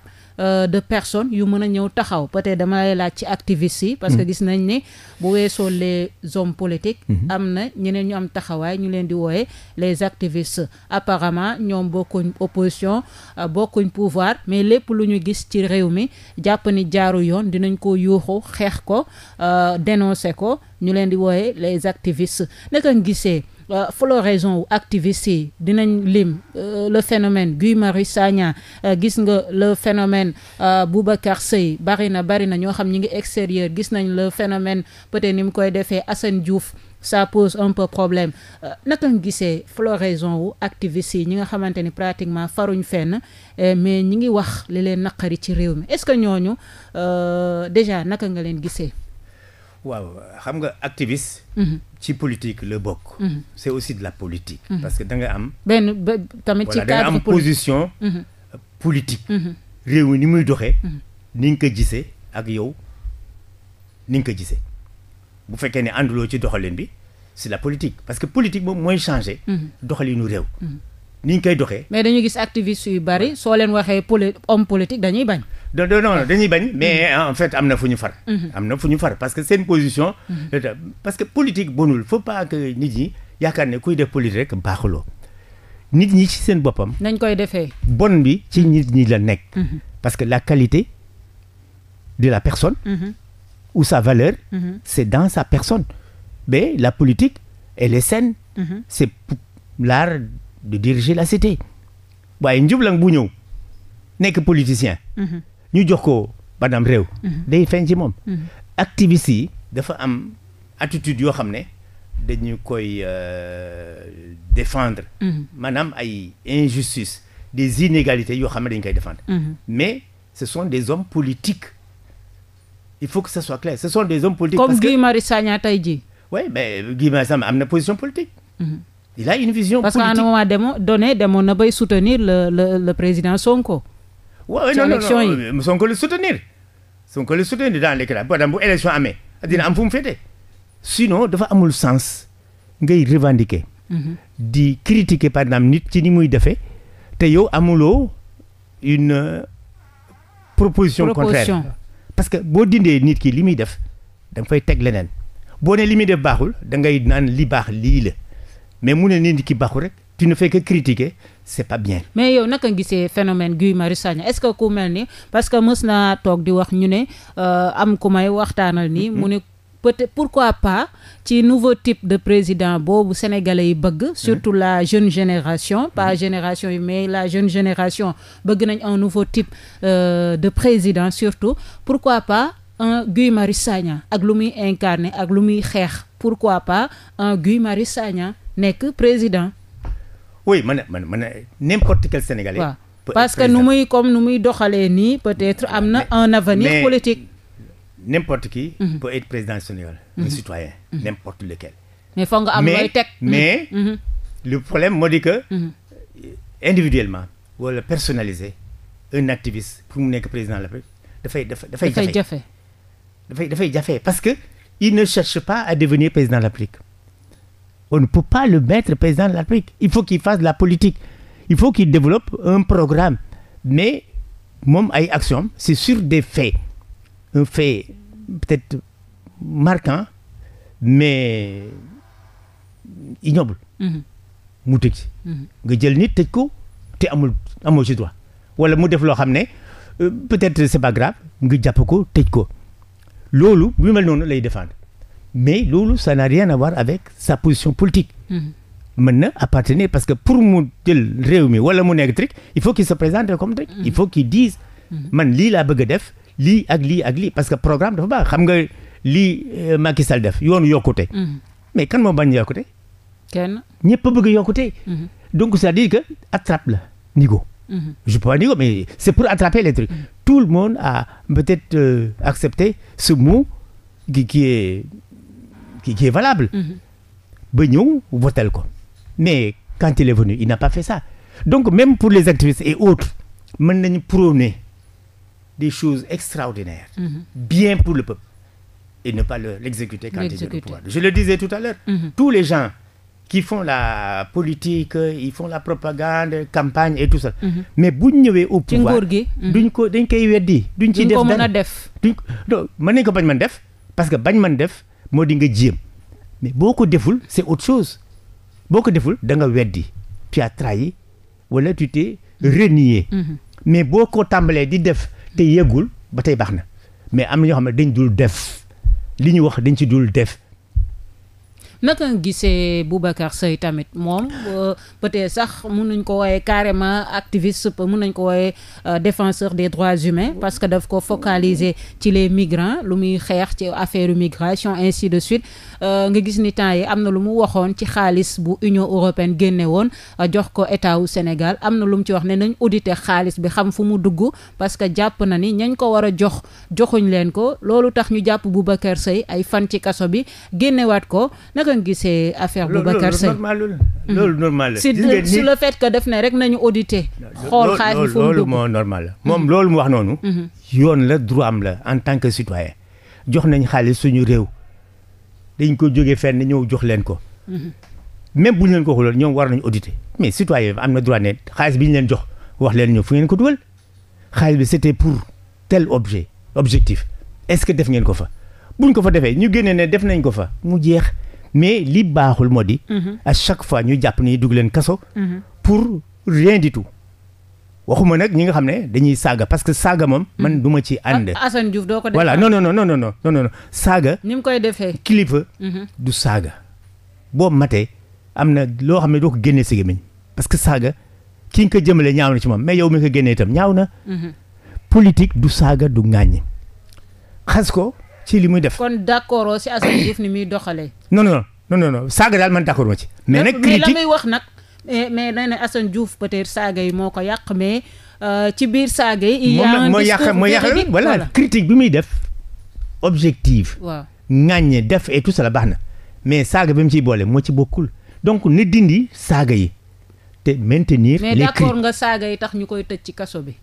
Euh, de personnes yu mën a ñëw taxaw peut-être dama lay laaj ci activistes yi parce que mm-hmm. gis nañ ni bu weesoo les hommes politique mm-hmm. am na ñeneen ñu am taxawaay ñu leen di wooye les activistes apparemment ñoom bokkuñ opposition euh, bokkuñ pouvoir mais lépp lu ñu gis ci réew mi jàpp ni jaaru yoon dinañ ko yuuxu xeex ko euh, dénoncer ko ñu leen di wooye les activistes naka nga gisee Euh, floraison wu activiste yi dinañ lim euh, le phénomène Guy Marius Sagna euh, gis nga le phénomène Boubacar Sèye bari na bari na ñoo xam ñi ngi extérieur gis nañ le phénomène peut-être ni mu koy defee Assane Diouf ça pose un peu problème naka nga gisee floraison wu activiste yi ñi nga xamante ni pratiquement faruñ fenn mais ñi ngi wax li leen naqari ci réew mi est-ce que ñooñu déjà naka nga leen gisee waaw xam nga activiste. Mhm. ci politique la bokk. Mhm. c'est aussi de la politique. Mhm. parce que da nga am. benn ba tamit ci cadre am position. politique. réew mi ni muy doxee. ni nga ko gisee ak yow ni nga ko gisee bu fekkee ne ànduloo ci doxalin bi c'est la politique parce que politique moom mooy changé doxalinu réew. ni koy doxee. mais dañu gis activiste yu bari soo leen waxee poli homme politique dañuy bañ. non non dañuy mm-hmm. ñu far. Mm-hmm. am que seen position. Mm-hmm. Euh, parce que politique bonul faut pas que nit ñi yaakaar ñi ci seen boppam. nañ koy defee. bon bi ci nit ñi la nekk. parce que la qualité de la personne. ou sa valeur. c'est dans sa personne. mais la politique elle est saine. c'est l'art de diriger la cité waaye njublang bu ñëw nekk politicien. Mhm. ñu jox ko maanaam réew. Mhm. day feeñ moom. Mhm. activistes yi yoo xam ne dañu koy euh, défendre. maanaam ay injustice des inégalités yoo xam ne dañu koy défendre. mais ce sont des hommes politiques. il faut que ça soit clair ce sont des hommes politiques. comme Guy Marius Sagna tey jii. oui mais Guy Marius am na position politique. il a une vision parce politique. parce qu'à un moment donné demoon na bay soutenir le le président Sonko. Ouais, ci élection yi non non euh, Sonko le soutenir Sonko le soutenir dans l'éclat par exemple bu élection amee dina am fu mu féete. sinon dafa amul sens ngay revendiquer. Mhm. di critiquer par exemple nit ci ni muy defee te yow amuloo une euh, proposition contraire parce que boo dindee nit ki li muy def da nga fay teg leneen boo ne li muy def baaxul da naan li baax lii la. mais mu ne nit ki baaxu rek tu ne fais que critiquer c'est pas bien. mais yow naka gisee phénomène Guy Marius Sagna est-ce que ku mel ni parce que mës naa toog di wax ñu ne euh, am ku may waxtaanal nii mu ne peut-être pourquoi pas ci nouveau type de président boobu sénégalais yi bëgg surtout la jeune génération pas mm-hmm. génération yi mais la jeune génération bëgg nañ un nouveau type euh, de président surtout pourquoi pas un Guy Marius Sagna ak lu muy incarné ak lu muy xeex pourquoi pas un Guy Marius Sagna nekk président. oui mën na mën na n'importe quel Sénégalais. Ouais. parce que nu muy comme nu muy doxalee nii peut-être ah, am na un avenir mais, politique. n'importe qui. Mm être président du Sénégal. Mm -hmm. un mhm. citoyen mm lequel. mais foog nga am looy teg mhm. mais mhm. le problème moo di que. individuellement wala personnaliser un activiste pour mu nekk président de la République dafay dafay dafay jafe dafay jafe parce que il ne cherche pas à devenir président de la République On ne peut pas le mettre président de la République. Il faut qu'il fasse la politique. Il faut qu'il développe un programme. Mais, ay action, c'est sur des faits. Un fait peut-être marquant, mais ignoble. Mhm. mu tëj mhm. nga jël nit tëj te amul amul ci droit wala mu def loo xam ne euh, peut-être c'est pas grave nga jàpp ko tëj ko loolu bu mel noonu lay défendre mais loolu sa n'a rien à voir avec sa position politique mhm. mën na appartenir parce que pour mu jël réew mi wala mu nekk truc il faut qu'il se présente comme truc mhm. il faut qu'il dise mhm. man lii la bëgg a def li ak lii ak lii parce que programme dafa baax xam nga lii euh, Macky Sall def yoonu yokkute mais kan moo bañ yokkute kenn ñëpp a bëgg yokkute donc c'est-à-dire que attrape la nigo je pas nigo mais c'est pour attraper les tout le monde a peut-être euh, ce mot qui, qui est valable. Mhm. ba ñëw votel ko mais quand il est venu il n'a pas fait ça donc même pour les activistes et autres mën nañu prôner des choses extraordinaires. Mhm. bien pour le peuple. et ne pas l'exécuter quand ils le pouvoir. Je le disais tout à l'heure, mhm. tous les gens qui font la politique ils font la propagande campagne et tout ça mais bu ñu ñëwee au pouvoir ci nguur gi duñ ko dañ weddi duñ ci ko mën a def duñ mën nañ ko bañ def parce que bañ mën def moo di nga jéem mais boo ko deful c'est autre chose boo ko deful danga nga weddi tu yi trahi wala tu mhm. mais boo ko tàmbalee di def te yëgul ba tey baax na mais am na ñoo xam ne dañ dul def li ñu wax dañ ci dul def naka nga gisee Boubacar Seye tamit moom euh, peut-être sax mun nañ ko wooye carrément activiste mun nañ ko wooye euh, défenseur des droits humains parce que daf ko focaliser ci les migrants lu muy xeex ci affaire migration ainsi de suite euh, nga gis ni temps yi am na lu mu waxoon ci xaalis bu Union européenne génne woon jox ko état wu Sénégal am na lu mu ci wax ne nañ auditer xaalis bi xam fu mu dugg parce que jàpp na ni ñañ ko war a jox joxuñ leen ko loolu tax ñu jàpp Boubacar Seye ay fan ci kaso bi génnewaat ko naka nga gisee affaire Boubacar Seye loolu hmm. loolu normal la. sur le fait que def ne rek nañu auditer. xool xaalis fu mu dugg hmm. moom loolu mu wax noonu. Hmm. yoon la droit am la en tant que citoyen jox nañ xaalis suñu réew dañ ko jógee fenn ñëw jox leen ko. même bu ñu leen ko waxuloon ñoom war nañu auditer mais citoyen am na droit ne xaalis bi ñu leen jox wax leen ñu fu ngeen ko dugal xaalis bi c'était pour tel objet objectif est-ce que def ngeen ko fa buñ ko fa defee ñu génnee ne def nañ ko fa mu jeex. mais li baaxul moo di. Mhm. à chaque fois ñu jàpp ni dugg leen kaso. Mhm. pour rien du tout. waxuma nag ñi nga xam ne dañuy saaga parce que saaga moom. Mhm. man duma ci ànd. Ah, Assane Diouf doo ko def voilà non non non non non non non saaga. ni mu koy defee kilifa. du saaga. boo matee am na loo xam ne doo ko génnee si gémmiñ parce que saaga ki nga ko jëmale ñaaw na ci moom mais yow mi ko génnee tam ñaaw na. politique du saaga du ŋàññi xas ko. ci li muy def. kon d'accord si Assane Diouf ni muy doxalee. non non non non saaga daal man d'accord ma ci. mais nag critique mais la muy wax nag. Eh, mais nee na Assane Diouf peut-être saaga yi moo ko yàq mais euh, ci biir saaga yi. il y a un discours moo yàq voilà critique bi muy def objectif. waaw ŋàññe def et tout cela baax na mais saaga bi mu ciy boole moo ci bokkul donc ni dindi saaga yi te maintenir. les mais d'accord nga saaga yi tax ñu koy tëj ci kaso bi.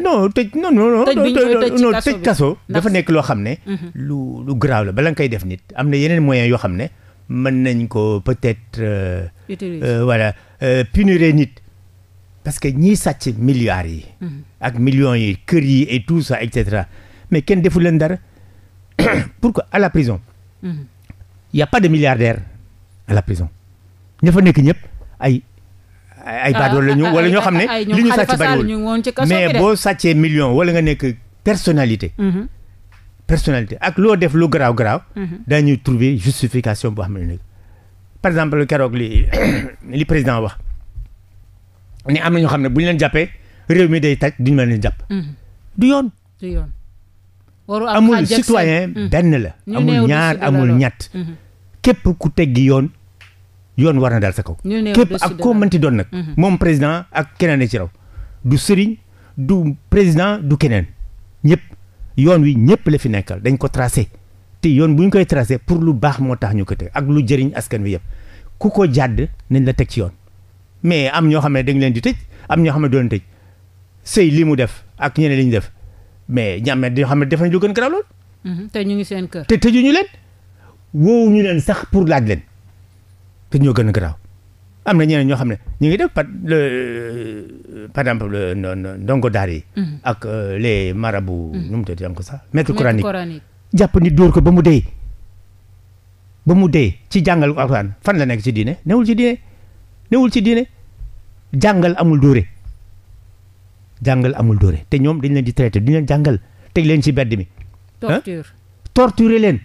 non tëj non non non non kaso dafa nekk loo xam ne mhm. lu lu grave la bala nga koy def nit am na yeneen moyens yoo xam ne mën nañ ko peut-être euh, euh, voilà euh, punir nit parce que ñiy sacc milliards yi mhm. ak millions yi kër yi et tout ça et cetera mais kenn defu leen dara pourquoi à la prison mhm. y pas de milliardaire à la prison ña fa nekk ñëpp ay ay baadoolo la ñu wala ñoo xam ne li ñu sàcc bariwul mais boo sàccee million wala nga nekk personnalité mm-hmm. personnalité ak loo def lu garaaw garaaw mm-hmm. dañuy trouver justification boo xam ne nag par exemple keroog li li président wax ni am na ñoo xam ne bu ñu leen jàppee réew mi day taj mm-hmm. du yoon amul citoyen benn la amul ñaar amul ñett képp ku teggi yoon yoon war na daal sa kaw. képp ak koo mënti doon nag. Mhm. moom président ak keneen ci raw. du sëriñ du président du keneen ñëpp yoon wi ñëpp la fi nekka dañ ko tracé te yoon bu ñu koy tracé pour lu baax moo tax ñu ko teg ak lu jëriñ askan wi yëpp ku ko jàdd nañ la teg ci yoon mais am ñoo xam ne dañ leen di tëj am ñoo xam ne doon tëj sëy li mu def ak ñeneen li def mais ñàmme di xam ne def nañ lu gën garaaw lool. Mhm. te ñu ngi seen tëjuñu leen woowu leen sax pour te ñoo gën a garaaw am na ñeneen ñoo xam ne ñu ngi def par par exemple ndongo daara yi. Mm-hmm. ak euh, les bu mm-hmm. nu mu tuddati ko sax maître coranique jàpp ni door ko ba mu dee. ba mu dee ci jàngal alxuraan fan la nekk ci diine newul ci diine newul ci diine amul doore jàngal amul doore te ñoom dañ leen di traité duñ leen jàngal teg leen ci bedd mi. torture leen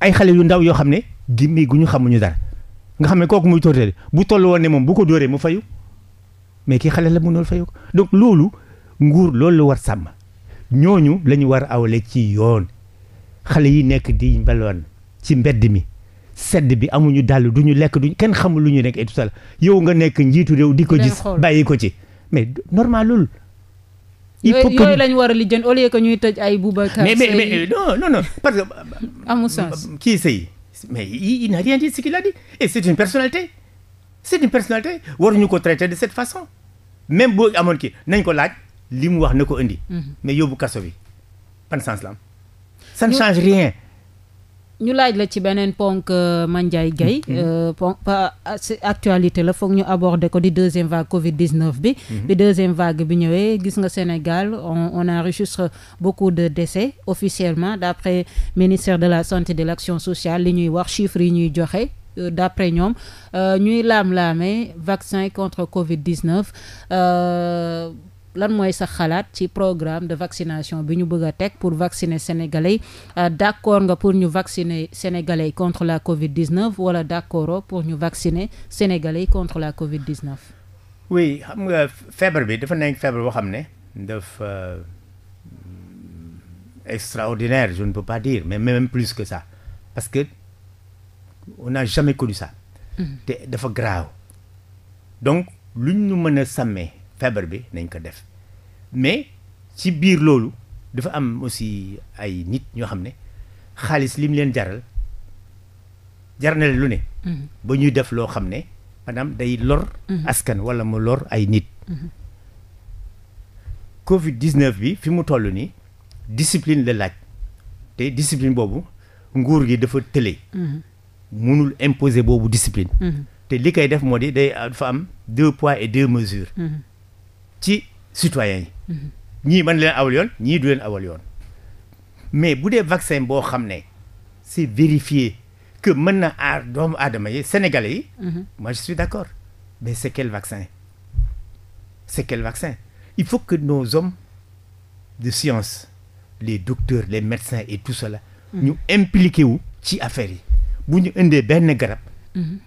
ay xale yu ndaw yoo xam ne gimmi gu ñu xamuñu dara. nga xam ne kooku muy torturé bu toll woon ne moom bu ko dóoree mu fayu mais kii xale la mënul fayu ko donc loolu nguur loolu la war sàmm ñooñu lañu war war awle ci yoon xale yi nekk di mbeloon ci mbedd mi sedd bi amuñu dàll ñu lekk duñu kenn xamul lu ñu nekk et yow nga nekk njiitu réew di ko gis bàyyi ko ci mais normal loolu il faut que yooyu lañ war a lijjanti au lieu que ñuy tëj ay Boubacar mais mais non non non parce que amul mais il, n'a rien dit ce qu'il a c'est une personnalité c'est une personnalité waruñu ko traiter de cette façon même boo amoon kii nañ ko laaj lim mu wax na ko indi mhm. mais yóbbu kaso bi ban sens la am ça change rien ñu laaj la ci beneen ponk euh, Mandiaye Gaye mm-hmm. euh, ponk ah, actualité la foog ñu aborder ko di deuxième vague Covid 19 bi. Mm-hmm. bi deuxième vague bi ñëwee gis nga Sénégal on on enregistre beaucoup de décès officiellement d'après ministère de la santé de l'action sociale li ñuy wax chiffres yi ñuy joxe. Euh, d'après ñoom ñuy laam-laamee vaccin contre Covid 19. lan mooy sa xalaat ci programme de vaccination bi ñu bëgg a teg pour vacciner sénégalais euh, d'accord nga pour ñu vacciner sénégalais contre la Covid 19 wala d'accord pour ñu vacciner sénégalais contre la Covid 19. oui xam nga feebar bi dafa nekk feebar boo xam ne dafa euh, extraordinaire je ne peux pas dire mais même plus que ça parce que on n'a jamais connu ça. Mm-hmm. dafa grave donc lu ñu mën a sàmmee. feebar bi nañ ko def mais ci biir loolu dafa am aussi ay nit ñoo xam ne xaalis li leen jaral jar na lu ne. Mhm. ba ñuy def loo xam ne maanaam day lor. Mhm. askan wala mu lor ay nit. Mhm. Covid 19 bi fi mu toll nii discipline la laaj te discipline boobu nguur gi dafa tële. mënul imposer boobu discipline. te li koy def moo di day dafa am deux poids et deux mesures. ci citoyens yi mhm. ñii mën leen awal yoon ñii du leen awal yoon mais bu dee vaccin boo xam ne c'est vérifié que mën na aar doomu aadama yi sénégalais yi mhm. moi je suis d'accord mais c'est quel vaccin c'est quel vaccin il faut que nos hommes de science les docteurs les médecins et tout cela mhm. ñu impliqué wu ci affaire yi bu ñu indee benn garab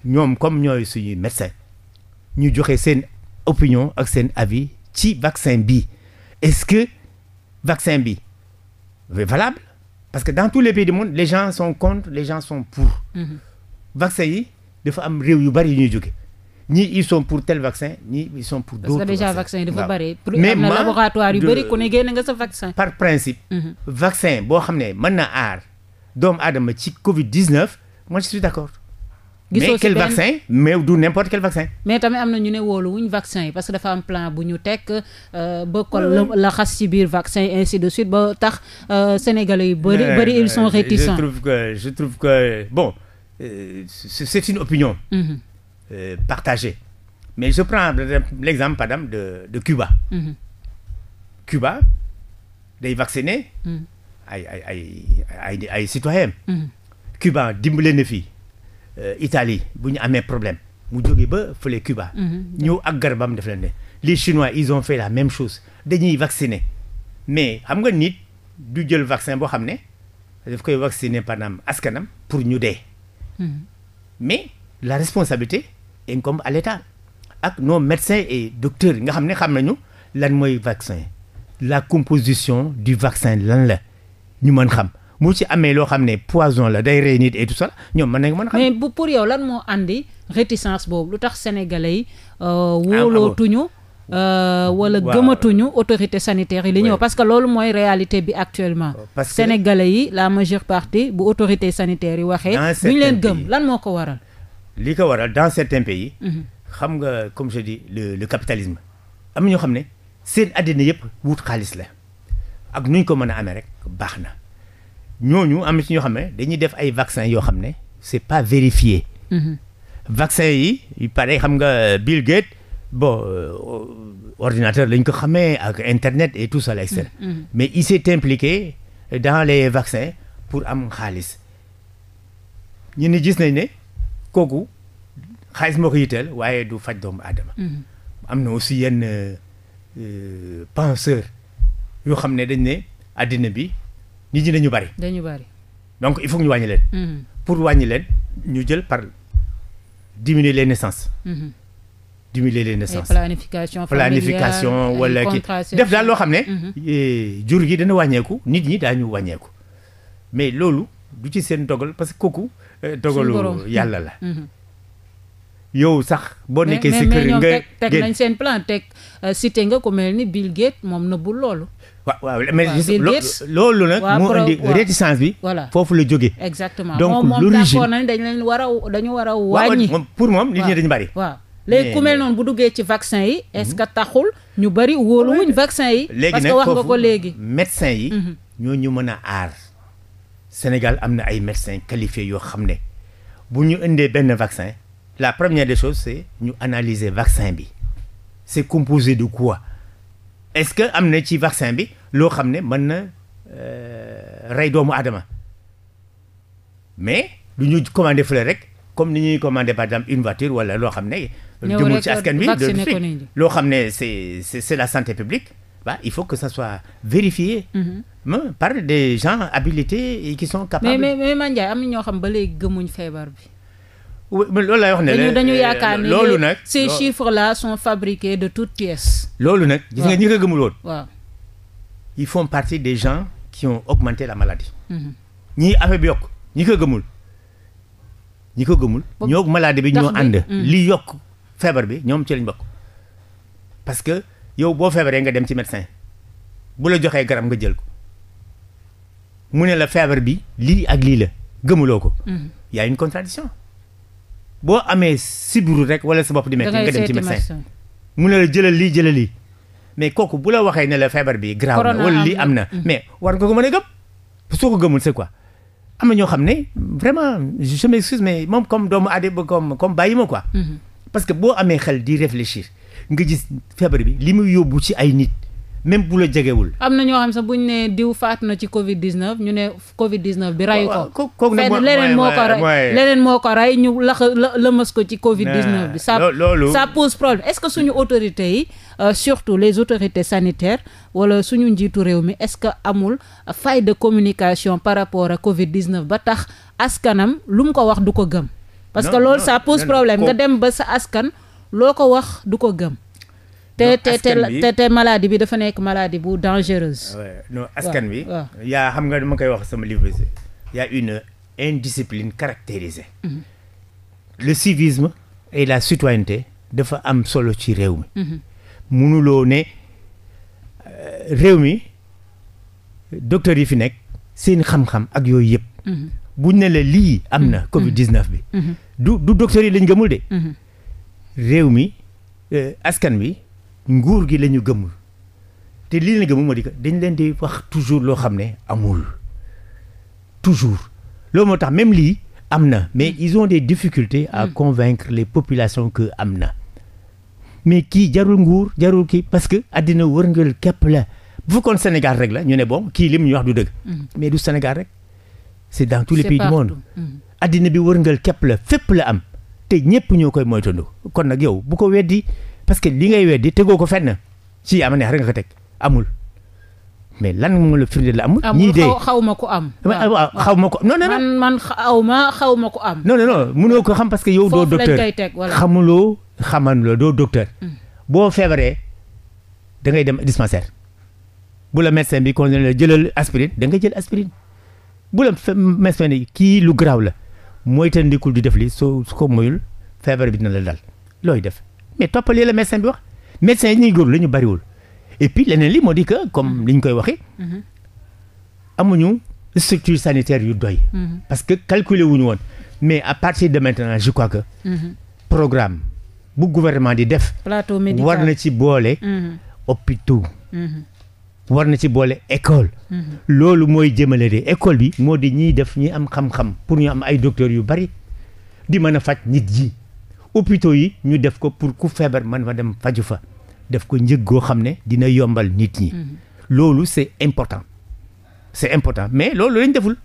ñoom comme ñooy suñuy médecin ñu joxe seen opinion ak seen avis ci vaccin bi est-ce que vaccin bi valable parce que dans tous les pays du monde les gens sont contre les gens son pour. Mhm. vaccin yi dafa am réew yu bari yu ñuy jóge ñii ils sont pour tel vaccin ñii ils sont pour. d'autres parce que déjà vaccin yi dafa bari. mais ma laboratoire yu bari ku ne génne sa vaccin. par principe. Mhm. vaccin boo xam ne mën na aar doomu aadama ci Covid 19 moi je suis d'accord. gisoo mais quel vaccin mais du n'importe quel vaccin. mais tamit am na ñu ne wóoluwuñ vaccin yi parce que dafa am plan bu ñu teg euh, ba kon la xas ci biir vaccin ainsi de suite ba tax euh, sénégalais yu bëri bëri ils euh, sont réticents. je trouve que je trouve que bon euh, mhm. de de Cuba. Mm -hmm. Cuba day vacciner. Mhm. ay ay ay citoyen. Mhm. Cuba dimbale na fii. Euh, Italie bu ñu amee problème mu jóge ba fële Cuba. Mhm. ñëw ak garabam def leen ne les Chinois ils fa la même chose dañuy vacciner mais xam nga nit du jël vaccin boo xam ne daf koy vacciner maanaam askanam pour ñu dee. Mhm. mais la responsabilité incombe à ak nos médecins et docteurs nga xam ne xam nañu lan mooy vaccin la composition du vaccin lan la ñu mën xam. bu ci amee loo xam ne poison la day rey nit et tout ça ñoom mën nañu mën a xam. mais bu pour yow lan moo andi réticence boobu lu tax sénégalais yi. Euh, ah, ah wóolootuñu. Euh, wala gëmatuñu autorité sanitaire yi li ñëw parce que loolu mooy réalité bi actuellement. Oh, parce que sénégalais yi la majeure partie bu autorité sanitaire yi waxee. bu ñu leen gëm lan moo ko waral. li ko waral dans certains pays. Mhm. xam nga comme je dis le le am ñoo xam ne seen àddina yëpp wut xaalis la ak nuñ ko mën a amee rek baax na. ñooñu am si ñoo xam ne dañuy def ay vaccin yoo xam ne c'est pas vérifié. Mhm. vaccin yi pare xam nga Bill Gates bon euh, ordinateur lañ ko xamee ak internet et tout ça là mhm, mhm. mais il s'est impliqué dans les vaccins pour am xaalis ñu ni gis nañ ne kooku xaalis moo ko yitteel waaye du faj doomu aadama. am na aussi yenn euh, penseur yoo xam ne dañ ne àddina bi. nit ñi dañu bari. dañu bari donc il ñu wàññi leen. Mm-hmm. pour wàññi leen ñu jël par diminuer les naissances. Mm-hmm. diminuer les naissances ay planification planification wala kii loo xam ne. Mm-hmm. Eh, jur gi dana wàññeeku nit ñi daañu wàññeeku mais loolu du ci seen dogal parce que kooku. Eh, dogalu yàlla la. yow sax boo nekkee si kër nga teg nañ seen plan teg euh, cité nga ko mel ni Bill Gates moom nëbbul loolu. waaw waaw mais loolu nag moo indi réticence bi foofu la jóge exactement donc l'origine moom moom dañ leen war a dañu war a wàññi pour moom nit ñi dañu bari waaw léegi ku noonu bu duggee ci vaccin yi mhm. est-ce que taxul ñu bari wóoluwuñ vaccin yi parce que wax nga ko léegi médecin yi mhm. ñoo ñu mën a aar Sénégal am na ay médecins qualifiés yoo xam ne bu ñu indee benn vaccin la première de choses c'est ñu analyser vaccin bi c'est composé de quoi est-ce que am na ci vaccin bi loo xam ne man na euh, rey doomu adama mais du ñu commandé fële rek comme ni ñuy commandé par exemple une voiture wala loo xam ne. jëmul ci askan bi de loo xam ne c'est c'est la santé publique. bah il faut que ça soit vérifié. Mm-hmm. par des gens habilités et qui capables. mais mais mais Mandiaye am na ñoo xam ba léegi gëmuñ feebar bi. loolu lay wax ne la dañu euh, yaakaar ne loolu nag ces chiffres là sont fabriqués de toutes pièces. loolu nag gis nga ñi ko gëmul woon. waaw ils partie des gens qui ont augmenté la maladie. Mhm. ñii affaire bi yokk ñi ko gëmul. ñi ko gëmul ñoo maladie bi ñoo ànd. li mhm. yokk feebar bi ñoom ci lañ bokk. parce que yow boo feebaree nga dem ci médecin bu la joxee garab nga jël ko mu ne la feebar bi lii ak lii la gëmuloo ko. Mhm. y une contradiction boo amee sibiru rek wala sa bopp di métti nga dem ci médecin mu ne la li lii jëlal mais kooku bu la waxee ne la feebar bi grave na wala lii am na mm. mais war nga ko mën a gëm soo ko gëmul c'est ko am na ñoo xam ne vraiment je m'excuse mais moom comme doomu aadama comme comme bàyyi ma ko mm-hmm. parce que boo amee xel di réfléchir nga ji feebar bi li ma yóbbu ci ay nit même bu la jegewul. am na ñoo xam sax bu ñu nee diw faat na ci Covid 19 ñu ne Covid 19 bi. ray ko kooku nag leneen moo ko ray leneen moo ko ray ñu lax lëmas ko ci Covid 19 bi. ça ça pose problème est-ce que suñu autorités yi euh, surtout les autorités sanitaires wala suñu njiitu réew mi est-ce que amul faille de communication par rapport à Covid 19 ba tax askanam lu mu ko wax du ko gëm. parce que loolu ça pose problème nga dem ba sa askan loo ko wax du ko gëm. te te te te maladie bi dafa nekk maladie bu dangereuse. non askan wi. yaa xam nga dama koy wax sama livre bi a une indiscipline caractérisée. Mhm. le civisme et la citoyenneté dafa am solo ci réew mi. Mhm. mënuloo ne euh, réew mi docteur yi fi nekk seen xam-xam ak yooyu yëpp. Mhm. buñ ne la lii am na. Covid bi. du du yi lañ gëmul de. réew mi euh, askan bi nguur gi la ñu gëm te lii la gëm moo di dañ leen di wax toujours loo xam ne amul toujours loolu moo tax même lii am na mais mm. ils ont des difficultés à mm. convaincre les populations am na mais kii jarul nguur jarul kii parce que àddina wërngël képp la bu fekkoon Sénégal rek la ñu ne bon kii li mu ñu wax du dëgg mm. mais du Sénégal rek c'est dans tous les pays du monde àddina bi wërngël képp la fépp la am te ñëpp ñoo koy moytandu kon nag yow bu ko weddi parce que li ngay weddi tegoo ko fenn ci ama neex rek nga ko teg amul mais lan moo la firnde la amul. ñii de xaw ma ah, ko am. waaw xaw ma ko non non man man ma xaw ma ko am. mënoo ko xam parce que yow. doo docteur xamuloo xamanuloo doo docteur. Mm. boo feebaree dangay dem dispensaire bu la médecin bi kon la jëlal aspirine da ngay jël aspirine bu la médecin kii lu garaaw la mooy te ndikul di def li soo su ko moyul feebar bi na la dal looy def. mais toppal la médecin bi wax médecin yi ñuy góor la ñu bariwul et puis leneen li moo di que comme mm-hmm. li ñu koy waxee mm-hmm. amuñu structure sanitaire yu doy mm-hmm. parce que calculer wuñu woon mais à partir de maintenant je crois que programme bu gouvernement di def plateau war na ci boole hôpitaux war na ci boole école loolu mooy jëmale de école bi moo di ñiy def ñi am xam-xam pour ñu am ay docteurs yu bari di mën a faj nit yi hôpitaux yi ñu def ko pour ku feebar man ma dem faju fa def ko njëg goo xam ne dina yombal nit ñi mhm. loolu c'est important c'est important hmm. mais loolu lañ deful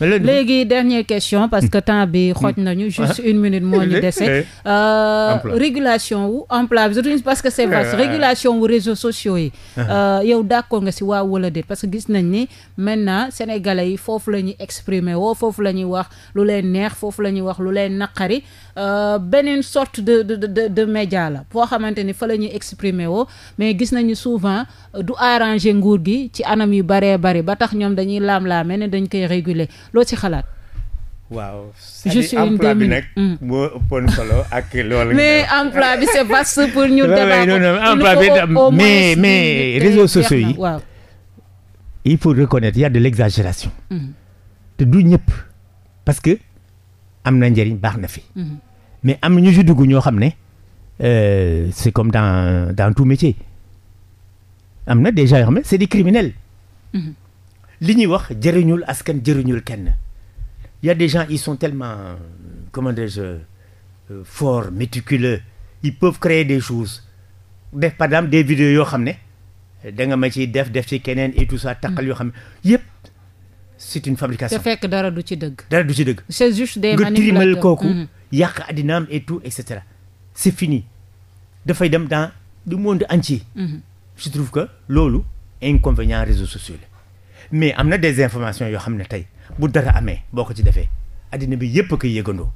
léegi dernière question parce que temps bi hmm. xooj nañu hmm. juste ah. une minute moo ñu dese eh. euh, régulation wu emploi bi parce que c'est eh. vaste régulation wu réseau sociaux yi ah. euh, yow d'accord nga si waaw wala déet parce que gis nañ ni maintenant sénégalais yi foofu la ñuy exprimer woo foofu la ñuy wax lu leen neex foofu la ñuy wax lu leen naqari Euh, beneen sort de de de de média la foo xamante ni fa la ñuy exprimer woo mais gis nañu souvent euh, du arranger nguur gi ci anam yu baree bari ba tax ñoom dañuy laam-laame ne dañ koy réguler loo ci xalaat. waaw juste une emploi bi nag hmm. ak loolu mais emploi bi c'est vaste pour ñu emploi bi mais mais réseaux sociaux yi waaw il faut reconnaître il y a de l'exagération hmm. te du ñëpp parce que am na njëriñ baax na fi hmm. mais am ñu ci dugg ñoo xam ne euh, c'est comme dans dans tout métier am na déjà yoo xam ne c'est des criminels mm-hmm. li ñuy wax jëriñul askan jëriñul kenn y a des gens ils sont tellement comment dirais-je euh, forts méticuleux ils peuvent créer des chose def par exemple des vidéos yoo xam ne da nga ma ciy def def ci keneen et tout ça taqal mm-hmm. yoo xam ne yëpp c'est une fabrication. fekk dara du ci dëgg. dara du ci dëgg. kooku. Mm-hmm. yàq àddinaam et tout et cetera c'est fini dafay dem dans du monde entier. Mhm. je trouve que loolu inconvénient réseaux sociaux la mais am na des informations yoo xam ne tey bu dara amee boo ko ci defee àddina bi yëpp a koy yëgandoo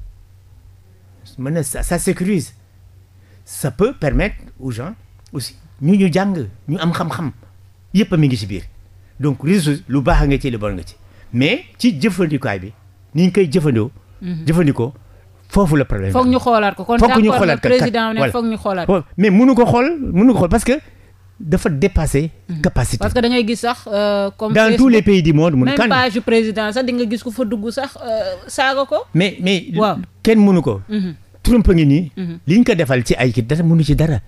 mën na ça ça sécurise ça peut permettre au gens aussi ñu ñu jàng ñu am xam-xam yépp a mi ngi ci biir donc réseau lu baax nga ci lu bon nga ci mais ci jëfandikaay bi ni ñu koy jëfandoo. Mhm. jëfandikoo. foofu la problème foog ñu xoolaat ko kon foog ñu xoolaat ko président ne foog ñu xoolaat ko mais mënu ko xool mënu ko xool parce que dafa dépasser mhm. capacité. parce que da ngay gis sax euh, comme. dans tous les pays du monde mun. kan même page président euh, ko mais mais kenn mënu ko. Mhm. Trump ngi nii. Mhm. li ñu ko defal ci ay kii dara mënu ci dara.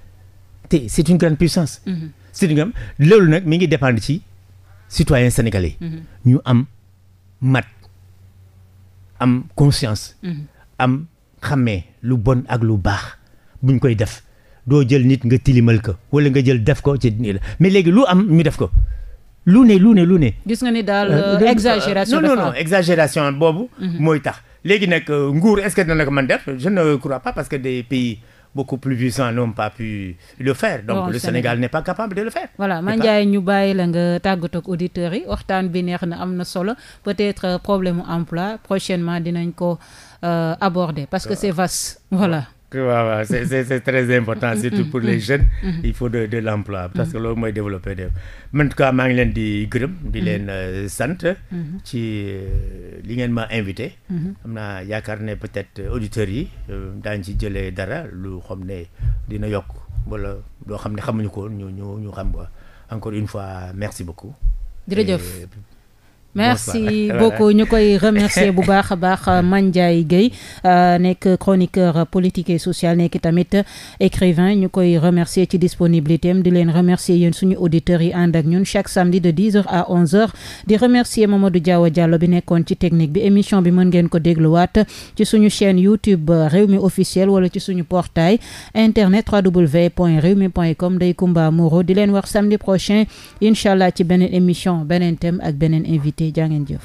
te c'est une grande puissance. c'est une grande loolu nag mi ngi dépendre ci citoyens sénégalais. ñu am mat am conscience. am. xammee lu bon ak lu baax buñ koy def doo jël nit nga tilimal ko wala nga jël def ko ci nii la mais léegi lu am ñu def ko lu ne lu ne lu ne. nga ni daal euh, euh, exagération. non non non exagération boobu. Mhm. mooy tax léegi nag euh, nguur est-ce que dana ko mën def je ne crois pas parce que des pays. ñu bàyyi la nga tàggatoo ak auditeurs yi waxtaan bi neex na am na solo peut-être problème mu prochainement dinañ ko. euh, aborder parce que euh, c'est vaste voilà. waaw waaw c'est c'est très important surtout pour les mm-hmm. jeunes mm-hmm. il faut de de l'emploi parce que mm-hmm. loolu mooy développer de en maa ngi leen di gërëm di leen euh, sant ci euh, li ngeen ma invité am naa yaakaar ne peut-être auditeurs yi daañ ci jëlee dara lu xam ne dina yokk wala loo xam ne xamuñu ko ñu ñu ñu xam quoi encore une fois merci beaucoup merci beaucoup ñu koy remercier bu baax a baax euh, Mame Ndiaye Guèye euh, nekk chroniqueur politique et social nekk tamit écrivain ñu koy remercier ci disponibilité am di leen remercier yéen suñu auditeurs yi ànd ak ñun chaque samedi de 10h à 11h di remercier Mamadou Diawa Diallo bi nekkoon ci technique bi émission bi mën ngeen ko dégluwaat ci suñu chaîne YouTube euh, Rewmi officiel wala ci suñu portail internet comme day Comba Moreau di leen wax samedi prochain incha allah ci beneen émission beneen ak beneen invité jaa ngeen